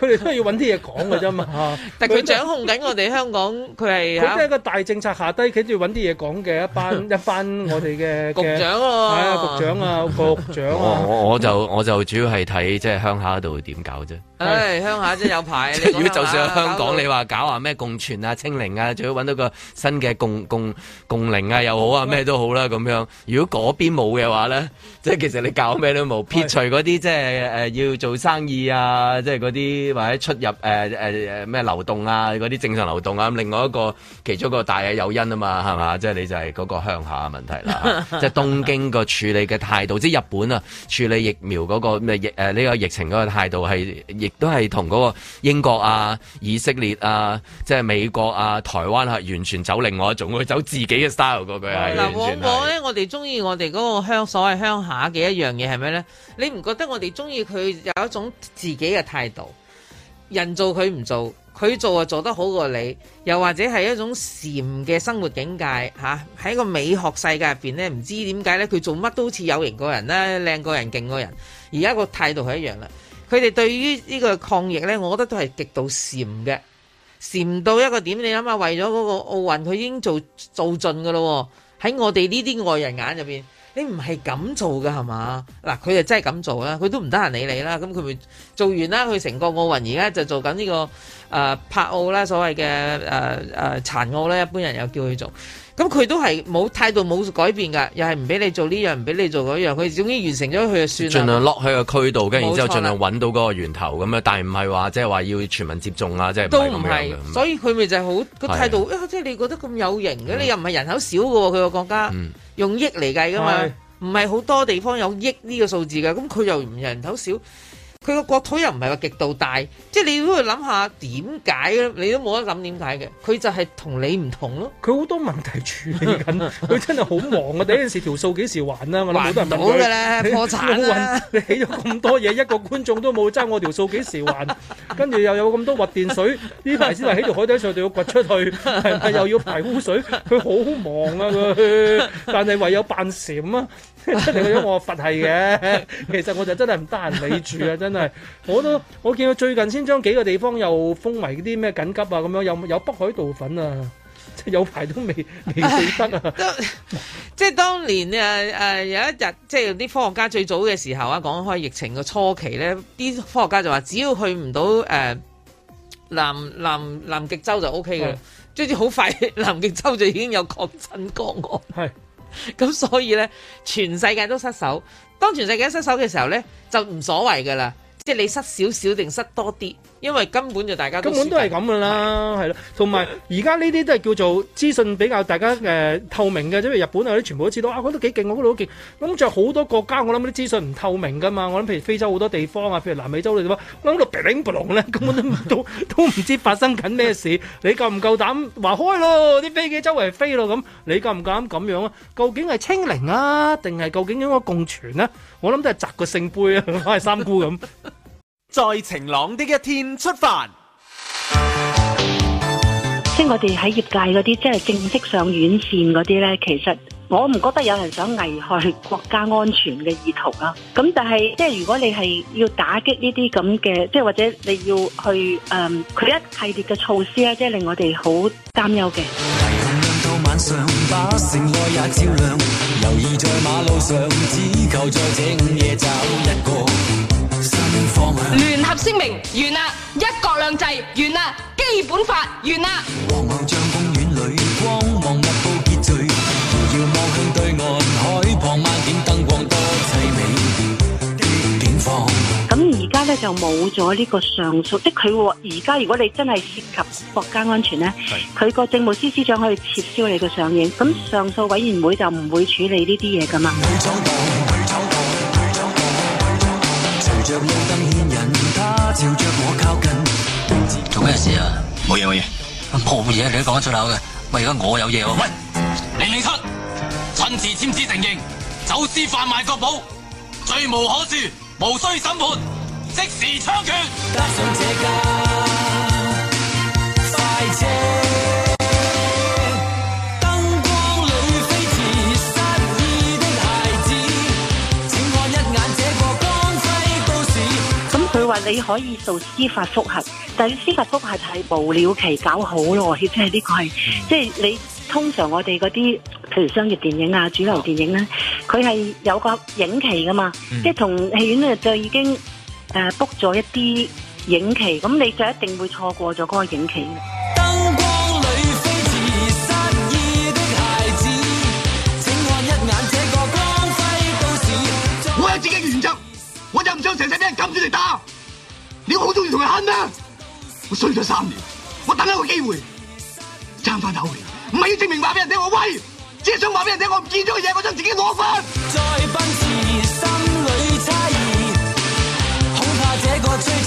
佢 哋都係要揾啲嘢講嘅啫嘛。 但係佢掌控緊我哋香港，佢係佢都係一個大政策下低，佢都要揾啲嘢講嘅一班 一班我哋嘅局長、啊係、哎、啊，局長啊，局長、啊我。我就我就主要係睇即係鄉下度點搞啫。唉、哎，鄉下即係有排、 就是。如果就算喺香港，什麼你話搞下咩共存啊、清零啊，最好搵到個新嘅共共共零啊又好啊咩都好啦、啊、咁樣。如果嗰邊冇嘅話咧，即、就、係、是、其實你搞咩都冇。撇除嗰啲即係誒要做生意啊，即係嗰啲或者出入誒誒誒咩流動啊，嗰啲正常流動啊，另外一個其中一個大嘅誘因啊嘛，係嘛？即、就、係、是、你就係嗰個鄉下嘅問題啦， 即係東京。個處理嘅態度，即係日本啊，處理疫苗嗰個咩疫誒呢個疫情嗰個態度係，亦都係同嗰個英國啊、以色列啊、即係美國啊、台灣啊，完全走另外一種，仲會走自己嘅 style 嗰句係。嗱，往往咧，我哋中意我哋嗰個鄉所謂鄉下嘅一樣嘢係咩咧？你唔覺得我哋中意佢有一種自己嘅態度，人做佢唔做。佢做啊做得好過你，又或者係一種禪嘅生活境界吓喺、啊、個美學世界入邊，呢唔知點解呢佢做乜都好似有型過人啦，靚過人，勁過人。而家個態度係一樣啦。佢哋對於呢個抗疫呢，我覺得都係極度禪嘅，禪到一個點。你諗下，為咗嗰個奧運，佢已經做做盡噶喎。喺我哋呢啲外人眼入邊，你唔係咁做㗎，係嘛？嗱，佢就真係咁做啦，佢都唔得閒理你啦。咁佢咪做完啦？佢成個奧運而家就做緊、這、呢個。誒帕奧啦，所謂嘅誒誒殘奧啦，一般人又叫佢做，咁佢都係冇態度冇改變㗎。又係唔俾你做呢樣，唔俾你做嗰樣，佢總之完成咗佢就算。盡量落去個區度，跟住之後盡量揾到嗰個源頭咁樣，但係唔係話即係話要全民接種啊，即係唔係咁樣。所以佢咪就係好、個態度，即係、哎、你覺得咁有型嘅。你又唔係人口少㗎喎，佢個國家、嗯、用億嚟計㗎嘛，唔係好多地方有億呢個數字嘅，咁佢又唔人口少。佢個國土又唔係話極度大，即係你都要諗下點解，你都冇得諗點解嘅。佢就係同你唔同咯。佢好多問題處理緊，佢真係好忙啊！第一件事條數幾時還啦？啊？我諗好多人都問佢。還到啦，破產啦！你起咗咁多嘢，一個觀眾都冇，爭我條數幾時還？跟住又有咁多核電水，呢排先係喺度海底上就要掘出去，係咪又要排污水？佢好忙啊！佢，但係唯有扮閃啊！你 去咗我的佛系嘅，其實我就真係唔得閒理住啊！真係，我都我見到最近先將幾個地方又封為啲咩緊急啊咁樣，有有北海道粉啊，即係有排都未未死得啊！即係當年啊啊、呃、有一日，即係啲科學家最早嘅時候啊，講開疫情嘅初期咧，啲科學家就話只要去唔到誒南南南極洲就 O K 嘅，即係好快南極洲就已經有確診個案。係。咁 所以咧，全世界都失守。當全世界失守嘅時候咧，就唔所謂噶啦，即係你失少少定失多啲。因為根本就大家都根本都係咁噶啦，係咯，同埋而家呢啲都係叫做資訊比較大家誒、呃、透明嘅，即係日本啊啲全部都知道啊，覺得幾勁，我覺得好勁。咁仲有好多國家，我諗啲資訊唔透明噶嘛。我諗譬如非洲好多地方啊，譬如南美洲嗰啲地方，諗到 bling 咧，根本都都都唔知發生緊咩事。 你夠唔夠膽話開咯？啲飛機周圍飛咯，咁你夠唔夠膽咁樣啊？究竟係清零啊，定係究竟應該共存啊？我諗都係集個聖杯啊，我係三姑咁。 在晴朗的一天出發。即係我哋喺業界嗰啲，即係正式上院線嗰啲咧，其實我唔覺得有人想危害國家安全嘅意圖啦。咁但係，即係如果你係要打擊呢啲咁嘅，即係或者你要去誒，佢、呃、一系列嘅措施咧，即係令我哋好擔憂嘅。天到晚上，上，把城也照亮。在在馬路上只求在這午夜找一個聯合聲明完啦，一國兩制完啦，基本法完啦。皇后將公園裏光芒密佈，遙望向對岸，海旁萬點燈光多淒美。的咁而家咧，就冇咗呢個上訴，即佢佢而家如果你真係涉及國家安全呢，佢個政務司司長可以撤銷你嘅上映，咁上訴委員會就唔會處理呢啲嘢噶嘛。他做咩事啊？冇嘢冇嘢，冇嘢、啊、你都講得出口嘅、啊。喂，而家我有嘢喎！喂，零零七，親自簽字承認走私販賣國寶，罪無可恕，無需審判，即時槍決。搭上呢架快車。話你可以做司法複核，但係司法複核係無了期搞好咯，而且呢個係即係你通常我哋嗰啲譬如商業電影啊、主流電影咧，佢係有個影期噶嘛，即係同戲院咧，就已經誒 book 咗一啲影期，咁你就一定會錯過咗嗰個影期的。燈光裡飛同我恨啦！我衰咗三年，我等一個機會，爭翻啖氣，唔係要證明話俾人聽我威，只係想話俾人聽我唔見咗嘅嘢，我想自己攞翻。再奔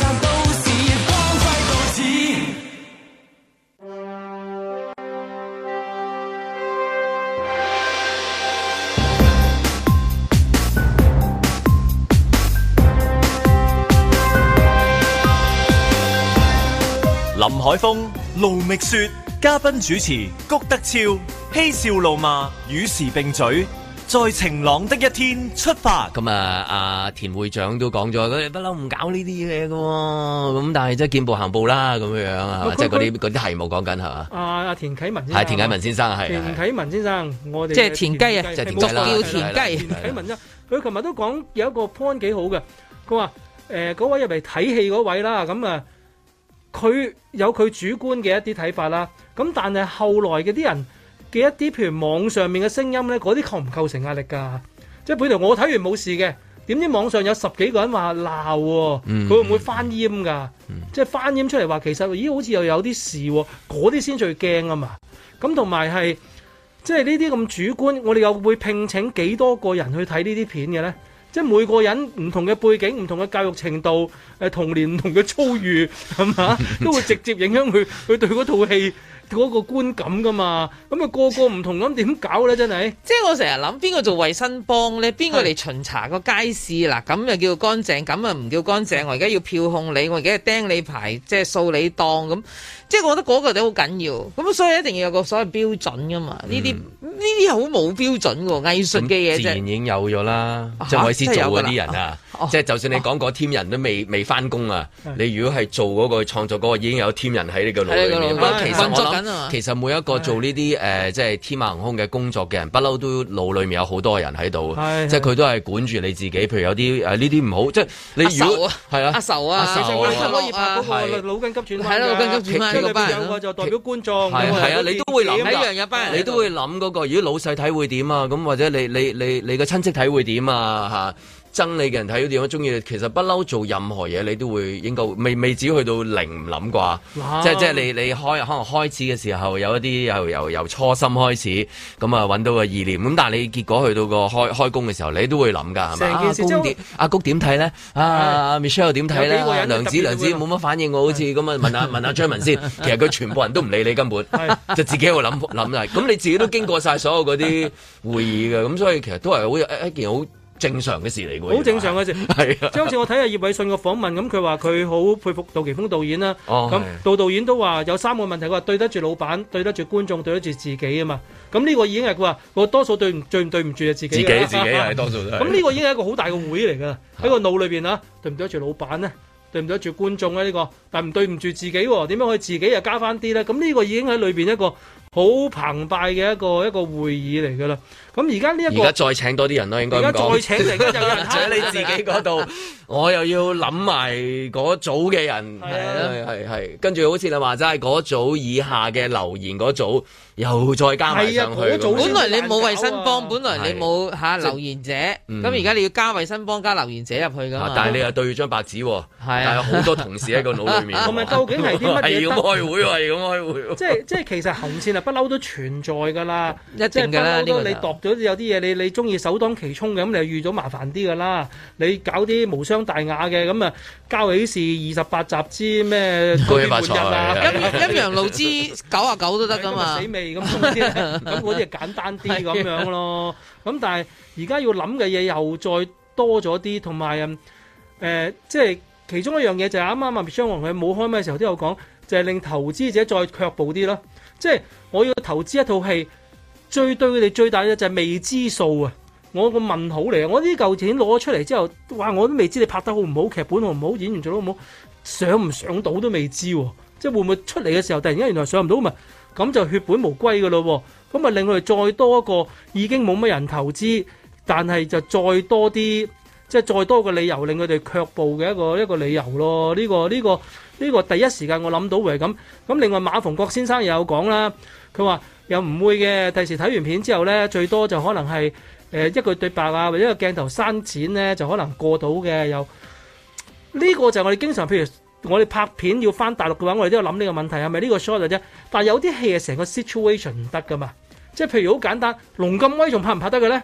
海風盧覓雪，嘉賓主持谷德昭，嬉笑怒罵與時並進，在晴朗的一天出發。咁啊，阿田會長都講咗，佢不嬲唔搞呢啲嘢嘅喎。咁但係真係見步行步啦，咁樣樣啊，即係嗰啲嗰啲題目講緊係嘛？阿阿田啟文，係田啟文先生，係田啟文先生，我哋即係田雞啊，俗叫田雞。田啟文啊，佢琴日都講有一個 point 幾好嘅，佢話誒嗰位入嚟睇戲嗰位啦，咁啊。佢有佢主觀嘅一啲睇法啦，咁但係後來嘅啲人嘅一啲譬如網上面嘅聲音咧，嗰啲構唔構成壓力噶？即係本來我睇完冇事嘅，點知網上有十幾個人話鬧，佢、mm -hmm. 會唔會翻煙噶、mm -hmm.？即係翻煙出嚟話其實咦好似又有啲事喎，嗰啲先最驚啊嘛！咁同埋係即係呢啲咁主觀，我哋又會聘請幾多個人去睇呢啲片嘅咧？即係每個人唔同嘅背景、唔同嘅教育程度。同年唔同嘅遭遇係嘛，都會直接影響佢佢對嗰套戲嗰個觀感㗎嘛。咁啊個個唔同咁點搞咧？真係，即係我成日諗邊個做衞生幫咧？邊個嚟巡查個街市嗱？咁又叫乾淨，咁又唔叫乾淨。我而家要票控你，我而家釘你牌，即係掃你檔。咁即係我覺得嗰個都好緊要。咁所以一定要有個所謂標準㗎嘛。呢啲呢啲好冇標準嘅藝術嘅嘢自然已經有咗啦，即係開始做嗰啲人啊，即係就算你講個添人都未未。翻工啊！你如果係做嗰個創作嗰、嗰個，已經有添人喺你個腦裏面。其實我諗，其實每一個做呢啲、呃、即係天馬行空嘅工作嘅人，不嬲都腦裏面有好多人喺度，即係佢都係管住你自己。譬如有啲呢啲唔好，即係你如果係啊，啊，阿愁啊，啊，阿愁啊，啊，腦筋、啊啊啊啊啊、急轉彎、啊。係腦筋急轉彎代表觀眾。係啊，你都會諗一樣，嘢。有班人，你都會諗嗰個。如果老細睇會點啊？咁或者你你你你嘅親戚睇會點啊？憎你嘅人睇到點樣中意你，其實不嬲做任何嘢，你都會應該未未至於去到零唔諗啩。即係即係你你開可能開始嘅時候有一啲由由由初心開始咁啊搵到個意念咁，但係你結果去到個開開工嘅時候，你都會諗噶。係咪阿谷點睇咧？阿呢、啊、Michelle 點睇咧？梁子梁子冇乜反應，我好似咁啊問下問下張文先。其實佢全部人都唔理你，根本就自己喺度諗諗咁你自己都經過晒所有嗰啲會議嘅，咁 所以其實都係好一件好。正常嘅事嚟嘅，好正常嘅事。即係好似我睇下葉偉信嘅訪問，咁佢話佢好佩服杜琪峰導演啦。咁、哦、杜、啊、導演都話有三個問題，佢話對得住老闆，對得住觀眾，對得住自己啊嘛。咁呢個已經係佢話，我多數對唔對唔對唔住自己自己自己 多數咁呢個已經係一個好大嘅會嚟噶啦，喺、啊、個腦裏邊啊，對唔對得住老闆呢？對唔、這個、對得住觀眾咧？呢個但係唔對唔住自己喎？點樣可以自己又加翻啲咧？咁呢個已經喺裏邊一個好澎湃嘅一個一個會議嚟噶啦。咁而家呢一個，而家再請多啲人咯，應該咁講。而家再請嚟，再請你自己嗰度，我又要諗埋嗰組嘅人，係係跟住好似你話齋嗰組以下嘅留言嗰組又再加埋上去。係啊，本來你冇衞生幫，本來你冇下留言者，咁而家你要加衞生幫，加留言者入去㗎。但係你又對張白紙，喎，係有好多同事喺個腦裡面、 哎。同埋究竟係啲乜嘢？係要開會，係咁開會。即係即係，其實紅線啊，不嬲都存在㗎啦。一定嗰啲有啲嘢你你中意首當其衝嘅，咁你就遇咗麻煩啲噶啦。你搞啲無傷大雅嘅，咁啊交起事二十八集之咩、啊？恭喜發財！陰陽路之九啊九都得噶嘛。死未咁？咁嗰啲係簡單啲咁樣咯。咁但係而家要諗嘅嘢又再多咗啲，同埋誒，即係其中一樣嘢就係啱啱啊別將王佢冇開咩時候都有講，就係令投資者再卻步啲咯。即係我要投資一套戲。最對佢哋最大嘅就係未知數啊！我個問號嚟啊！我呢嚿錢攞咗出嚟之後，哇！我都未知你拍得好唔好，劇本好唔好，演員做得好唔好，上唔上到都未知喎，啊！即係會唔會出嚟嘅時候突然間原來上唔到咪咁就，就血本無歸㗎咯喎！咁咪令佢哋再多一個已經冇乜人投資，但係就再多啲即係再多個理由令佢哋卻步嘅一個一個理由咯！呢、呢個呢、呢個呢、呢個第一時間我諗到會係咁咁。另外馬逢國先生又有講啦，佢話。又唔會嘅，第時睇完片之後咧，最多就可能係誒、呃、一句對白啊，或者一個鏡頭刪剪咧，就可能過到嘅。又呢、呢個就係我哋經常譬如我哋拍片要翻大陸嘅話，我哋都有諗呢個問題係咪呢個 short 啫。但係有啲戲係成個 situation 唔得噶嘛，即係譬如好簡單，龍咁威仲拍唔拍得嘅咧？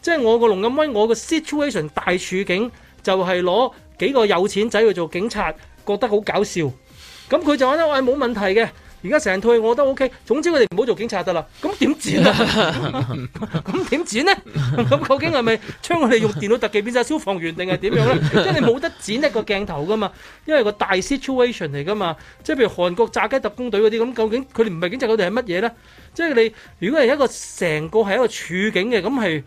即 係我個龍咁威，我個 situation 大處境就係攞幾個有錢仔去做警察，覺得好搞笑，咁佢就覺得我係冇問題嘅。而家成套戲我覺得 OK，總之佢哋唔好做警察得啦。咁點剪啊？咁 點剪呢？咁 究竟係咪將我哋用電腦特技變晒消防員定係點樣呢？ 即係你冇得剪一個鏡頭噶嘛？因為個大 situation 嚟噶嘛？即係譬如韓國炸雞特工隊嗰啲咁，咁究竟佢哋唔係警察，佢哋係乜嘢呢？即係你如果係一個成個係一個處境嘅，咁係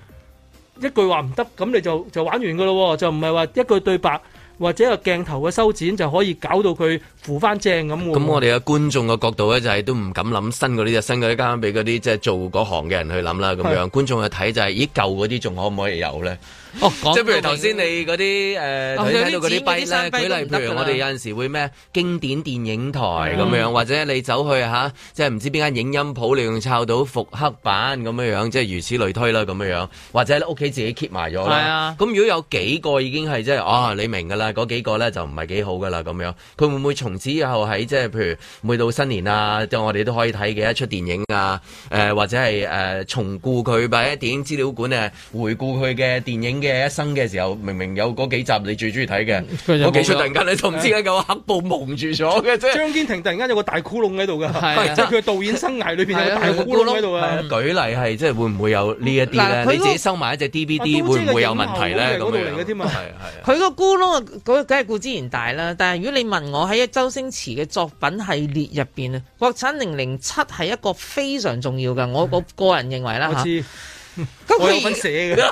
一句話唔得，咁你就就玩完噶咯喎，就唔係話一句對白。或者個鏡頭嘅修剪就可以搞到佢扶翻正咁、嗯。咁我哋嘅觀眾嘅角度咧，就係都唔敢諗新嗰啲就新嗰加間俾嗰啲即係做嗰行嘅人去諗啦。咁樣觀眾去睇就係、是，咦舊嗰啲仲可唔可以有咧？哦，即係譬如頭先你嗰啲誒，度嗰啲例咧，舉、哦、例譬如我哋有陣時會咩經典電影台咁樣、嗯，或者你走去吓，即係唔知邊間影音鋪，你用抄到複刻版咁樣樣，即係如此類推啦咁樣樣，或者屋企自己 keep 埋咗啦。咁、啊、如果有幾個已經係即係啊，你明噶啦，嗰幾個咧就唔係幾好噶啦咁樣。佢會唔會從此以後喺即係譬如每到新年啊，即、嗯、係我哋都可以睇嘅一出電影啊？誒、呃、或者係誒、呃、重顧佢喺電影資料館誒回顧佢嘅電影。嘅一生嘅時候，明明有嗰幾集你最中意睇嘅，我幾出突然間你突然之間有個黑布蒙住咗嘅啫。張堅庭突然間有個大窟窿喺度噶，即係佢嘅導演生涯裏面，有個大窟窿喺度啊，啊，啊，啊，啊，啊，啊！舉例係即係會唔會有呢一啲咧？你自己收埋一隻 DVD 會唔會有問題咧？嘅添佢個窟窿啊，梗係故之然大啦。但係如果你問我喺周星馳嘅作品系列入面，啊，國產零零七係一個非常重要嘅，我我個人認為啦、嗯啊佢會唔寫嘅，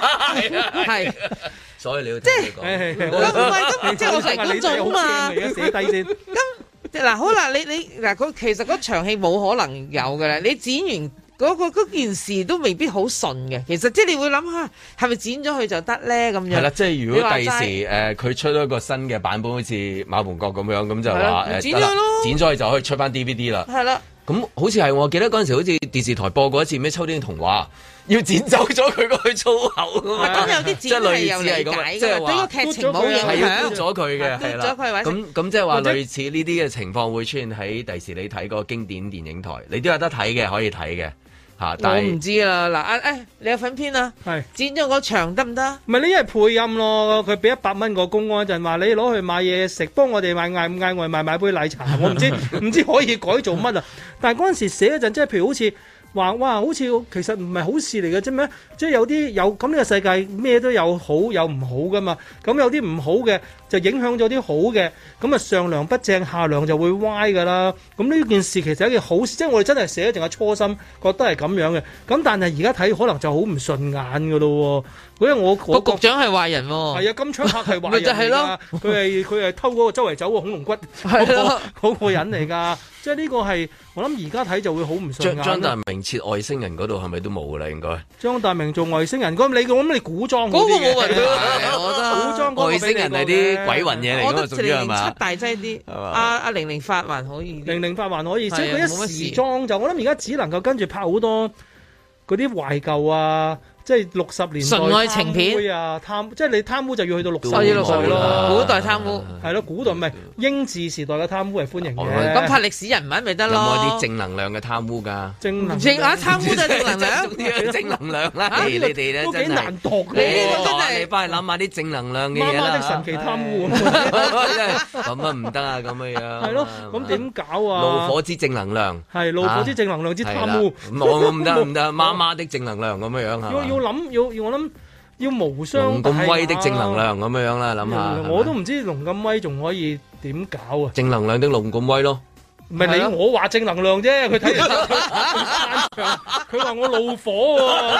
係 是， 所以你要即係，唔係噶，即係我成日做嘛。你睇好啲先，咁 嗱 好啦，你你嗱，佢其實嗰場戲冇可能有嘅啦。你剪完嗰，嗰個嗰件事都未必好順嘅。其實即係你會諗、啊、下，係咪剪咗佢就得咧？咁樣係啦，即係如果第時誒，佢，呃、出咗一個新嘅版本，好似馬門國咁樣，咁就話誒剪咗咯，呃、剪咗佢就可以出翻 DVD 了啦。係啦。咁、嗯、好似係，我記得嗰陣時好似電視台播過一次咩《秋天嘅童話》，要剪走咗佢嗰句粗口。咁、啊、有啲字係有理解嘅，即係呢個劇情冇嘢，cut 咗佢嘅，cut 咗佢。咁咁即係話類似呢啲嘅情況會出現喺第時，你睇個經典電影台，你都有得睇嘅，可以睇嘅。嗯我唔知啊嗱，誒、哎，你有份片啊？係剪咗個場得唔得？唔係呢，一係配音咯，佢俾一百蚊個公安一陣話，你攞去買嘢食，幫我哋買嗌唔嗌外賣買，買杯奶茶，我唔知唔 知可以改做乜啊？但係嗰陣時寫嗰陣，即係譬如好似。話哇，好似其實唔係好事嚟嘅啫咩？即係有啲有咁呢個世界咩都有好有唔好噶嘛。咁有啲唔好嘅就影響咗啲好嘅。咁啊上梁不正下梁就會歪噶啦。咁呢件事其實係一件好事，即係我哋真係寫咗淨係初心覺得係咁樣嘅。咁但係而家睇可能就好唔順眼噶咯喎。嗰啲我個局長係壞人喎，係啊金槍客係壞人，咪就係咯，佢係佢係偷嗰個周圍走個恐龍骨，嗰個人嚟㗎。即係呢個係我諗而家睇就會好唔順眼。張張大明設外星人嗰度係咪都冇啦？應該張大明做外星人，咁你我諗你古裝嗰啲嘢，外星人係啲鬼魂嘢嚟㗎嘛？總之大劑啲，阿阿零零發還可以，零零發還可以，即係佢一時裝就我諗而家只能夠跟住拍好多嗰啲懷舊啊。即係六十年代純愛情片啊！貪即係你貪污就要去到六十年代咯。古代貪污係咯，古代唔係英治時代嘅貪污係歡迎嘅。咁拍歷史人物咪得咯？有冇啲正能量嘅貪污㗎？正能量啊！貪污都係正能量，正能量啦！你哋咧真係幾難讀嘅。你真係你翻去諗下啲正能量嘅嘢啦。媽媽的神奇貪污咁啊，唔得啊，咁嘅樣。係咯，咁點搞啊？怒火之正能量係怒火之正能量之貪污，冇，唔得唔得，媽媽的正能量咁嘅樣啊！我諗要，我諗要無雙。龍咁威的正能量咁樣樣啦，諗下，我都唔知龍咁威仲可以點搞啊！正能量的龍咁威咯，唔係，你我話正能量啫，佢睇嚟真強，佢話我怒火喎，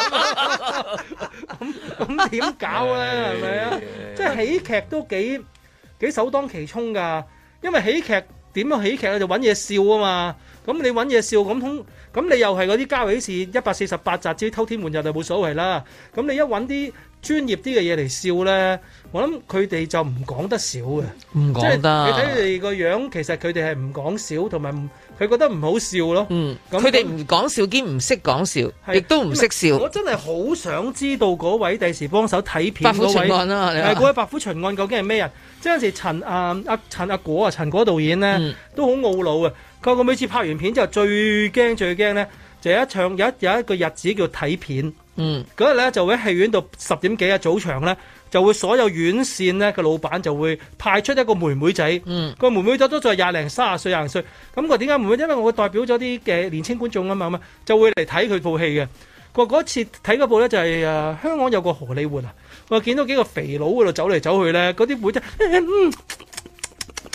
咁咁點搞咧？係咪啊？即係喜劇都幾幾首當其衝噶，因為喜劇點樣喜劇咧，就揾嘢笑啊嘛。咁你揾嘢笑咁通，咁你又係嗰啲家裏事一百四十八集之偷天換日就冇所謂啦。咁你一揾啲專業啲嘅嘢嚟笑咧，我諗佢哋就唔講得少嘅，唔講得。即你睇佢哋個樣，其實佢哋係唔講笑，同埋佢覺得唔好笑咯。嗯，佢哋唔講笑兼唔識講笑，亦都唔識笑。我真係好想知道嗰位第時幫手睇片嗰位，係嗰位、啊、位白虎巡案究竟係咩人？即係時陳啊啊陳啊果啊陳果導演咧，嗯，都好懊惱嘅。佢每次拍完片之後最驚最驚咧，就有一場有一有一個日子叫睇片。嗯，嗰日咧就會喺戲院度十點幾啊早場咧，就會所有院線咧個老闆就會派出一個妹妹仔。嗯，個妹妹仔都仲係廿零三十歲廿零歲。咁佢點解妹妹仔？因為我代表咗啲嘅年輕觀眾啊嘛，咁啊就會嚟睇佢部戲嘅。我嗰次睇嗰部咧就係香港有個荷里活啊。我見到幾個肥佬喺度走嚟走去咧，嗰啲妹仔。哎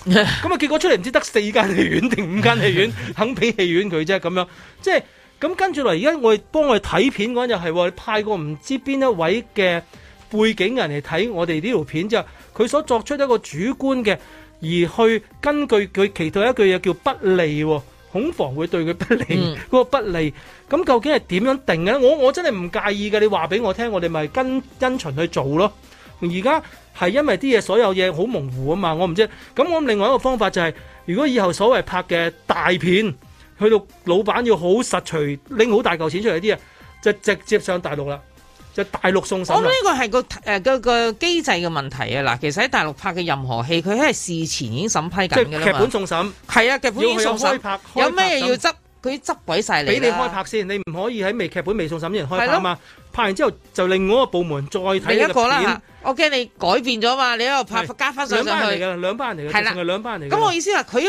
咁啊，結果出嚟唔知得四間戲院定五間戲院 肯俾戲院佢啫，咁樣即係咁，跟住落嚟，而家我哋幫我哋睇片嗰陣又係你派個唔知邊一位嘅背景人嚟睇我哋呢條片之後，佢所作出一個主觀嘅，而去根據佢期待一句嘢叫不利，恐防會對佢不利，嗰個不利，咁 究竟係點樣定嘅咧？我我真係唔介意嘅，你話俾我聽，我哋咪跟跟循去做咯。而家係因為啲嘢所有嘢好模糊啊嘛，我唔知。咁我另外一個方法就係，如果以後所謂拍嘅大片，去到老闆要好實除拎好大嚿錢出嚟啲嘢，就直接上大陸啦，就大陸送審。我諗呢個係個誒個機制嘅問題啊！嗱，其實喺大陸拍嘅任何戲，佢喺事前已經審批緊嘅，即係劇本送審。係啊，劇本已經送審。有咩嘢要執？佢執鬼晒你，俾你開拍先，你唔可以喺未劇本未送審人開拍啊嘛！拍完之後就另外一個部門再睇你嘅片。另一個啦，我驚你改變咗嘛？你又拍加翻上去。兩班人嚟嘅，兩班人嚟嘅，係啦，兩班人嚟嘅。咁我意思話佢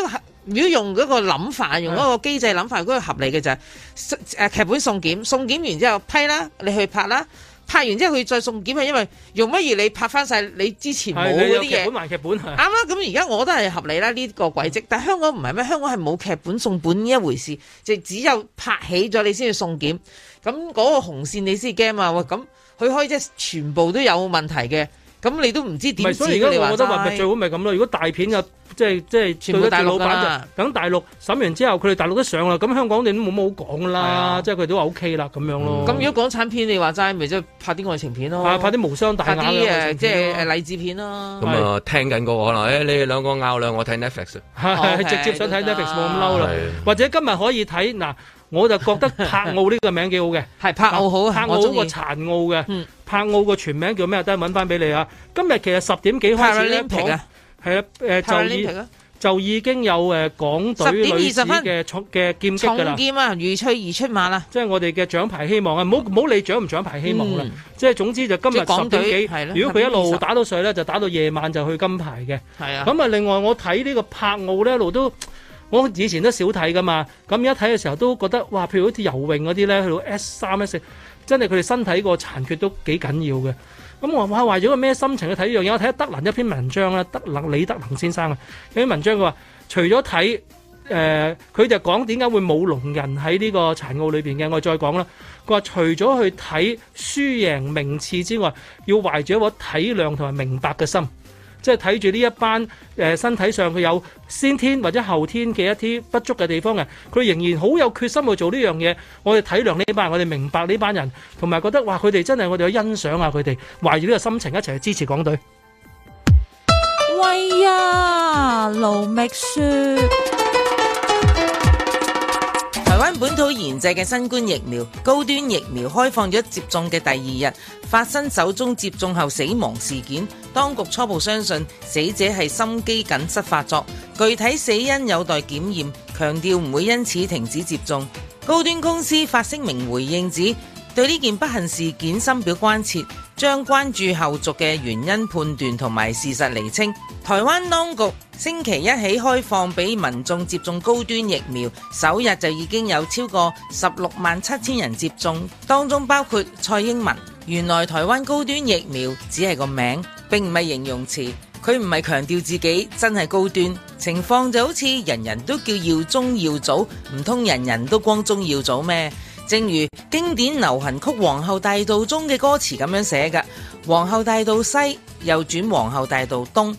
如果用嗰個諗法，用嗰個機制諗法，嗰個合理嘅就係、誒、劇本送檢，送檢完之後批啦，你去拍啦。拍完之後佢再送檢，係因為用乜嘢你拍翻晒你之前冇嗰啲嘢，啱啱。咁而家我都係合理啦，呢個軌跡、嗯，但係香港唔係咩，香港係冇劇本送本呢一回事，就只有拍起咗你先去送檢，咁嗰個紅線你先驚啊嘛。咁佢開即全部都有問題嘅。咁你都唔知點？所以而家我覺得話咪最好咪咁咯。如果大片啊，即係即係對佢哋老闆，等大陸審完之後，佢哋大陸都上啦。咁香港你都冇冇講講啦。啊、即係佢都話 OK 啦咁樣咯。咁、嗯、如果港產片你話齋、就是，咪即係拍啲愛、啊、愛情片咯。拍啲無雙大。拍啲誒即係誒勵志片咯。咁啊，聽緊個可能你哋兩個拗兩，我睇 Netflix。啊、okay，直接想睇 Netflix 冇咁嬲啦。或者今日可以睇嗱。 我就覺得柏奧呢個名幾好嘅，係 柏奧好，柏奧個殘奧嘅，柏奧個全名叫咩？等下揾翻俾你啊！今日其實十點幾開始，啊，係啦，就已經有誒港隊女子嘅嘅劍擊嘅啦，重劍啊，如出而出馬啦！即、就、係、是、我哋嘅獎牌希望啊，唔好唔好理獎唔獎牌希望啦、嗯，即係總之就今日十點幾，如果佢一路打到水去咧，就打到夜晚就去金牌嘅。係啊，咁啊，另外我睇呢個柏奧呢，一路都。我以前都少睇噶嘛，咁而家睇嘅時候都覺得哇，譬如好似游泳嗰啲咧，去到 S 三 S 四，真係佢哋身體個殘缺都幾緊要嘅。咁我話懷咗個咩心情去睇呢樣嘢？我睇得能一篇文章啦，得能李德能先生啊，有篇文章佢話，除咗睇誒，佢、呃、就講，點解會冇聾人喺呢個殘奧裏邊嘅，我再講啦。佢話除咗去睇輸贏名次之外，要懷住一個體諒同埋明白嘅心。即係睇住呢一班誒身體上佢有先天或者後天嘅一啲不足嘅地方嘅，佢仍然好有決心去做呢樣嘢。我哋體諒呢班，我哋明白呢班人，同埋覺得哇，佢哋真係我哋好欣賞啊！佢哋懷住呢個心情一齊去支持港隊。喂呀，盧覓雪！喺本土研製嘅新冠疫苗，高端疫苗開放咗接種嘅第二日，發生首宗接種後死亡事件。當局初步相信死者係心肌梗塞發作，具體死因有待檢驗，強調唔會因此停止接種。高端公司發聲明回應指，對呢件不幸事件深表關切。將關注後續嘅原因判斷同埋事實釐清。台灣當局星期一起開放俾民眾接種高端疫苗，首日就已經有超過十六萬七千人接種，當中包括蔡英文。原來台灣高端疫苗只係個名，並唔係形容詞。佢唔係強調自己真係高端，情況就好似人人都叫耀宗耀祖，唔通人人都光宗耀祖咩？正如經典流行曲《皇后大道中》嘅歌詞咁樣寫嘅，《皇后大道西》又轉皇后大道東《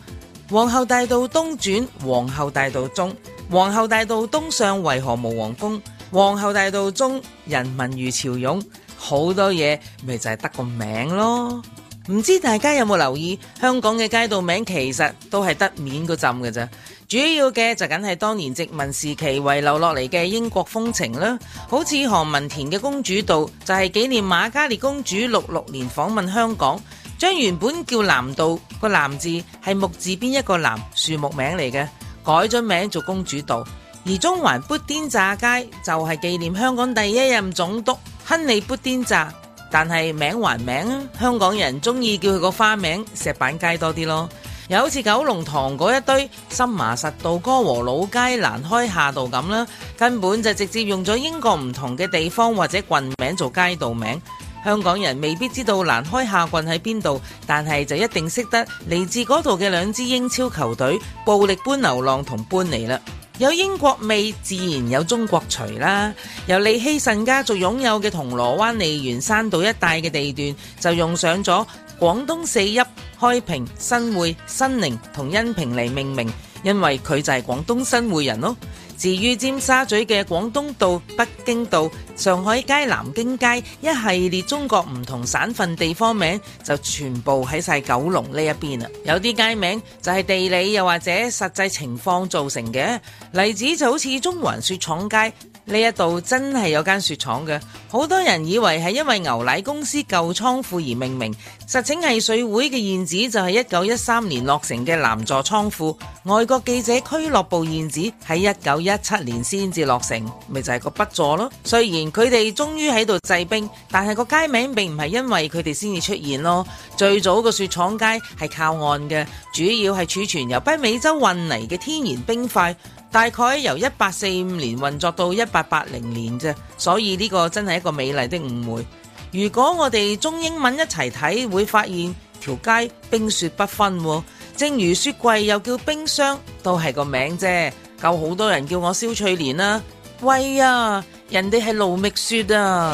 皇后大道東》，《皇后大道東》轉《皇后大道中》，《皇后大道東上為何無皇宮》？《皇后大道中》，人民如潮湧，好多嘢咪就係得個名咯。唔知大家有冇留意，香港嘅街道名其實都係得面嗰陣嘅啫，主要嘅就梗係當年殖民時期遺留落嚟嘅英國風情啦。好似何文田嘅公主道，就係、是、紀念瑪嘉烈公主六六年訪問香港，將原本叫南道個南字係木字邊一個南樹木名嚟嘅，改咗名做公主道。而中環砵甸乍街就係、是、紀念香港第一任總督亨利砵甸乍。但係名還名，香港人中意叫佢個花名石板街多啲咯，又好似九龍塘嗰一堆森麻實道、歌和老街、蘭開夏道咁啦，根本就直接用咗英國唔同嘅地方或者郡名做街道名。香港人未必知道蘭開夏郡喺邊度，但係就一定識得嚟自嗰度嘅兩支英超球隊布力般流浪同般尼啦。有英國味，自然有中國除啦。由利希慎家族擁有嘅銅鑼灣利園山道一帶嘅地段，就用上咗廣東四邑開平、新會、新寧同恩平嚟命名，因為佢就係廣東新會人咯。至於尖沙咀嘅廣東道、北京道、上海街、南京街一系列中國唔同省份地方名，就全部喺晒九龍呢一邊啦。有啲街名就係地理又或者實際情況造成嘅，例子就好似中環雪廠街。呢一度真係有間雪廠嘅，好多人以為係因為牛奶公司舊倉庫而命名。實情，藝穗會嘅現址就係一九一三年落成嘅南座倉庫，外國記者俱樂部現址喺一九一七年先至落成，咪就係、是、個北座咯。雖然佢哋終於喺度製冰，但係個街名並唔係因為佢哋先至出現咯。最早個雪廠街係靠岸嘅，主要係儲存由北美洲運嚟嘅天然冰塊。大概由一八四五年運作到一八八零年啫，所以呢個真係一個美麗的誤會。如果我哋中英文一齊睇，會發現條街冰雪不分，正如雪櫃又叫冰箱都係個名啫，夠好多人叫我蕭翠蓮啦。喂呀，人哋係盧覓雪啊！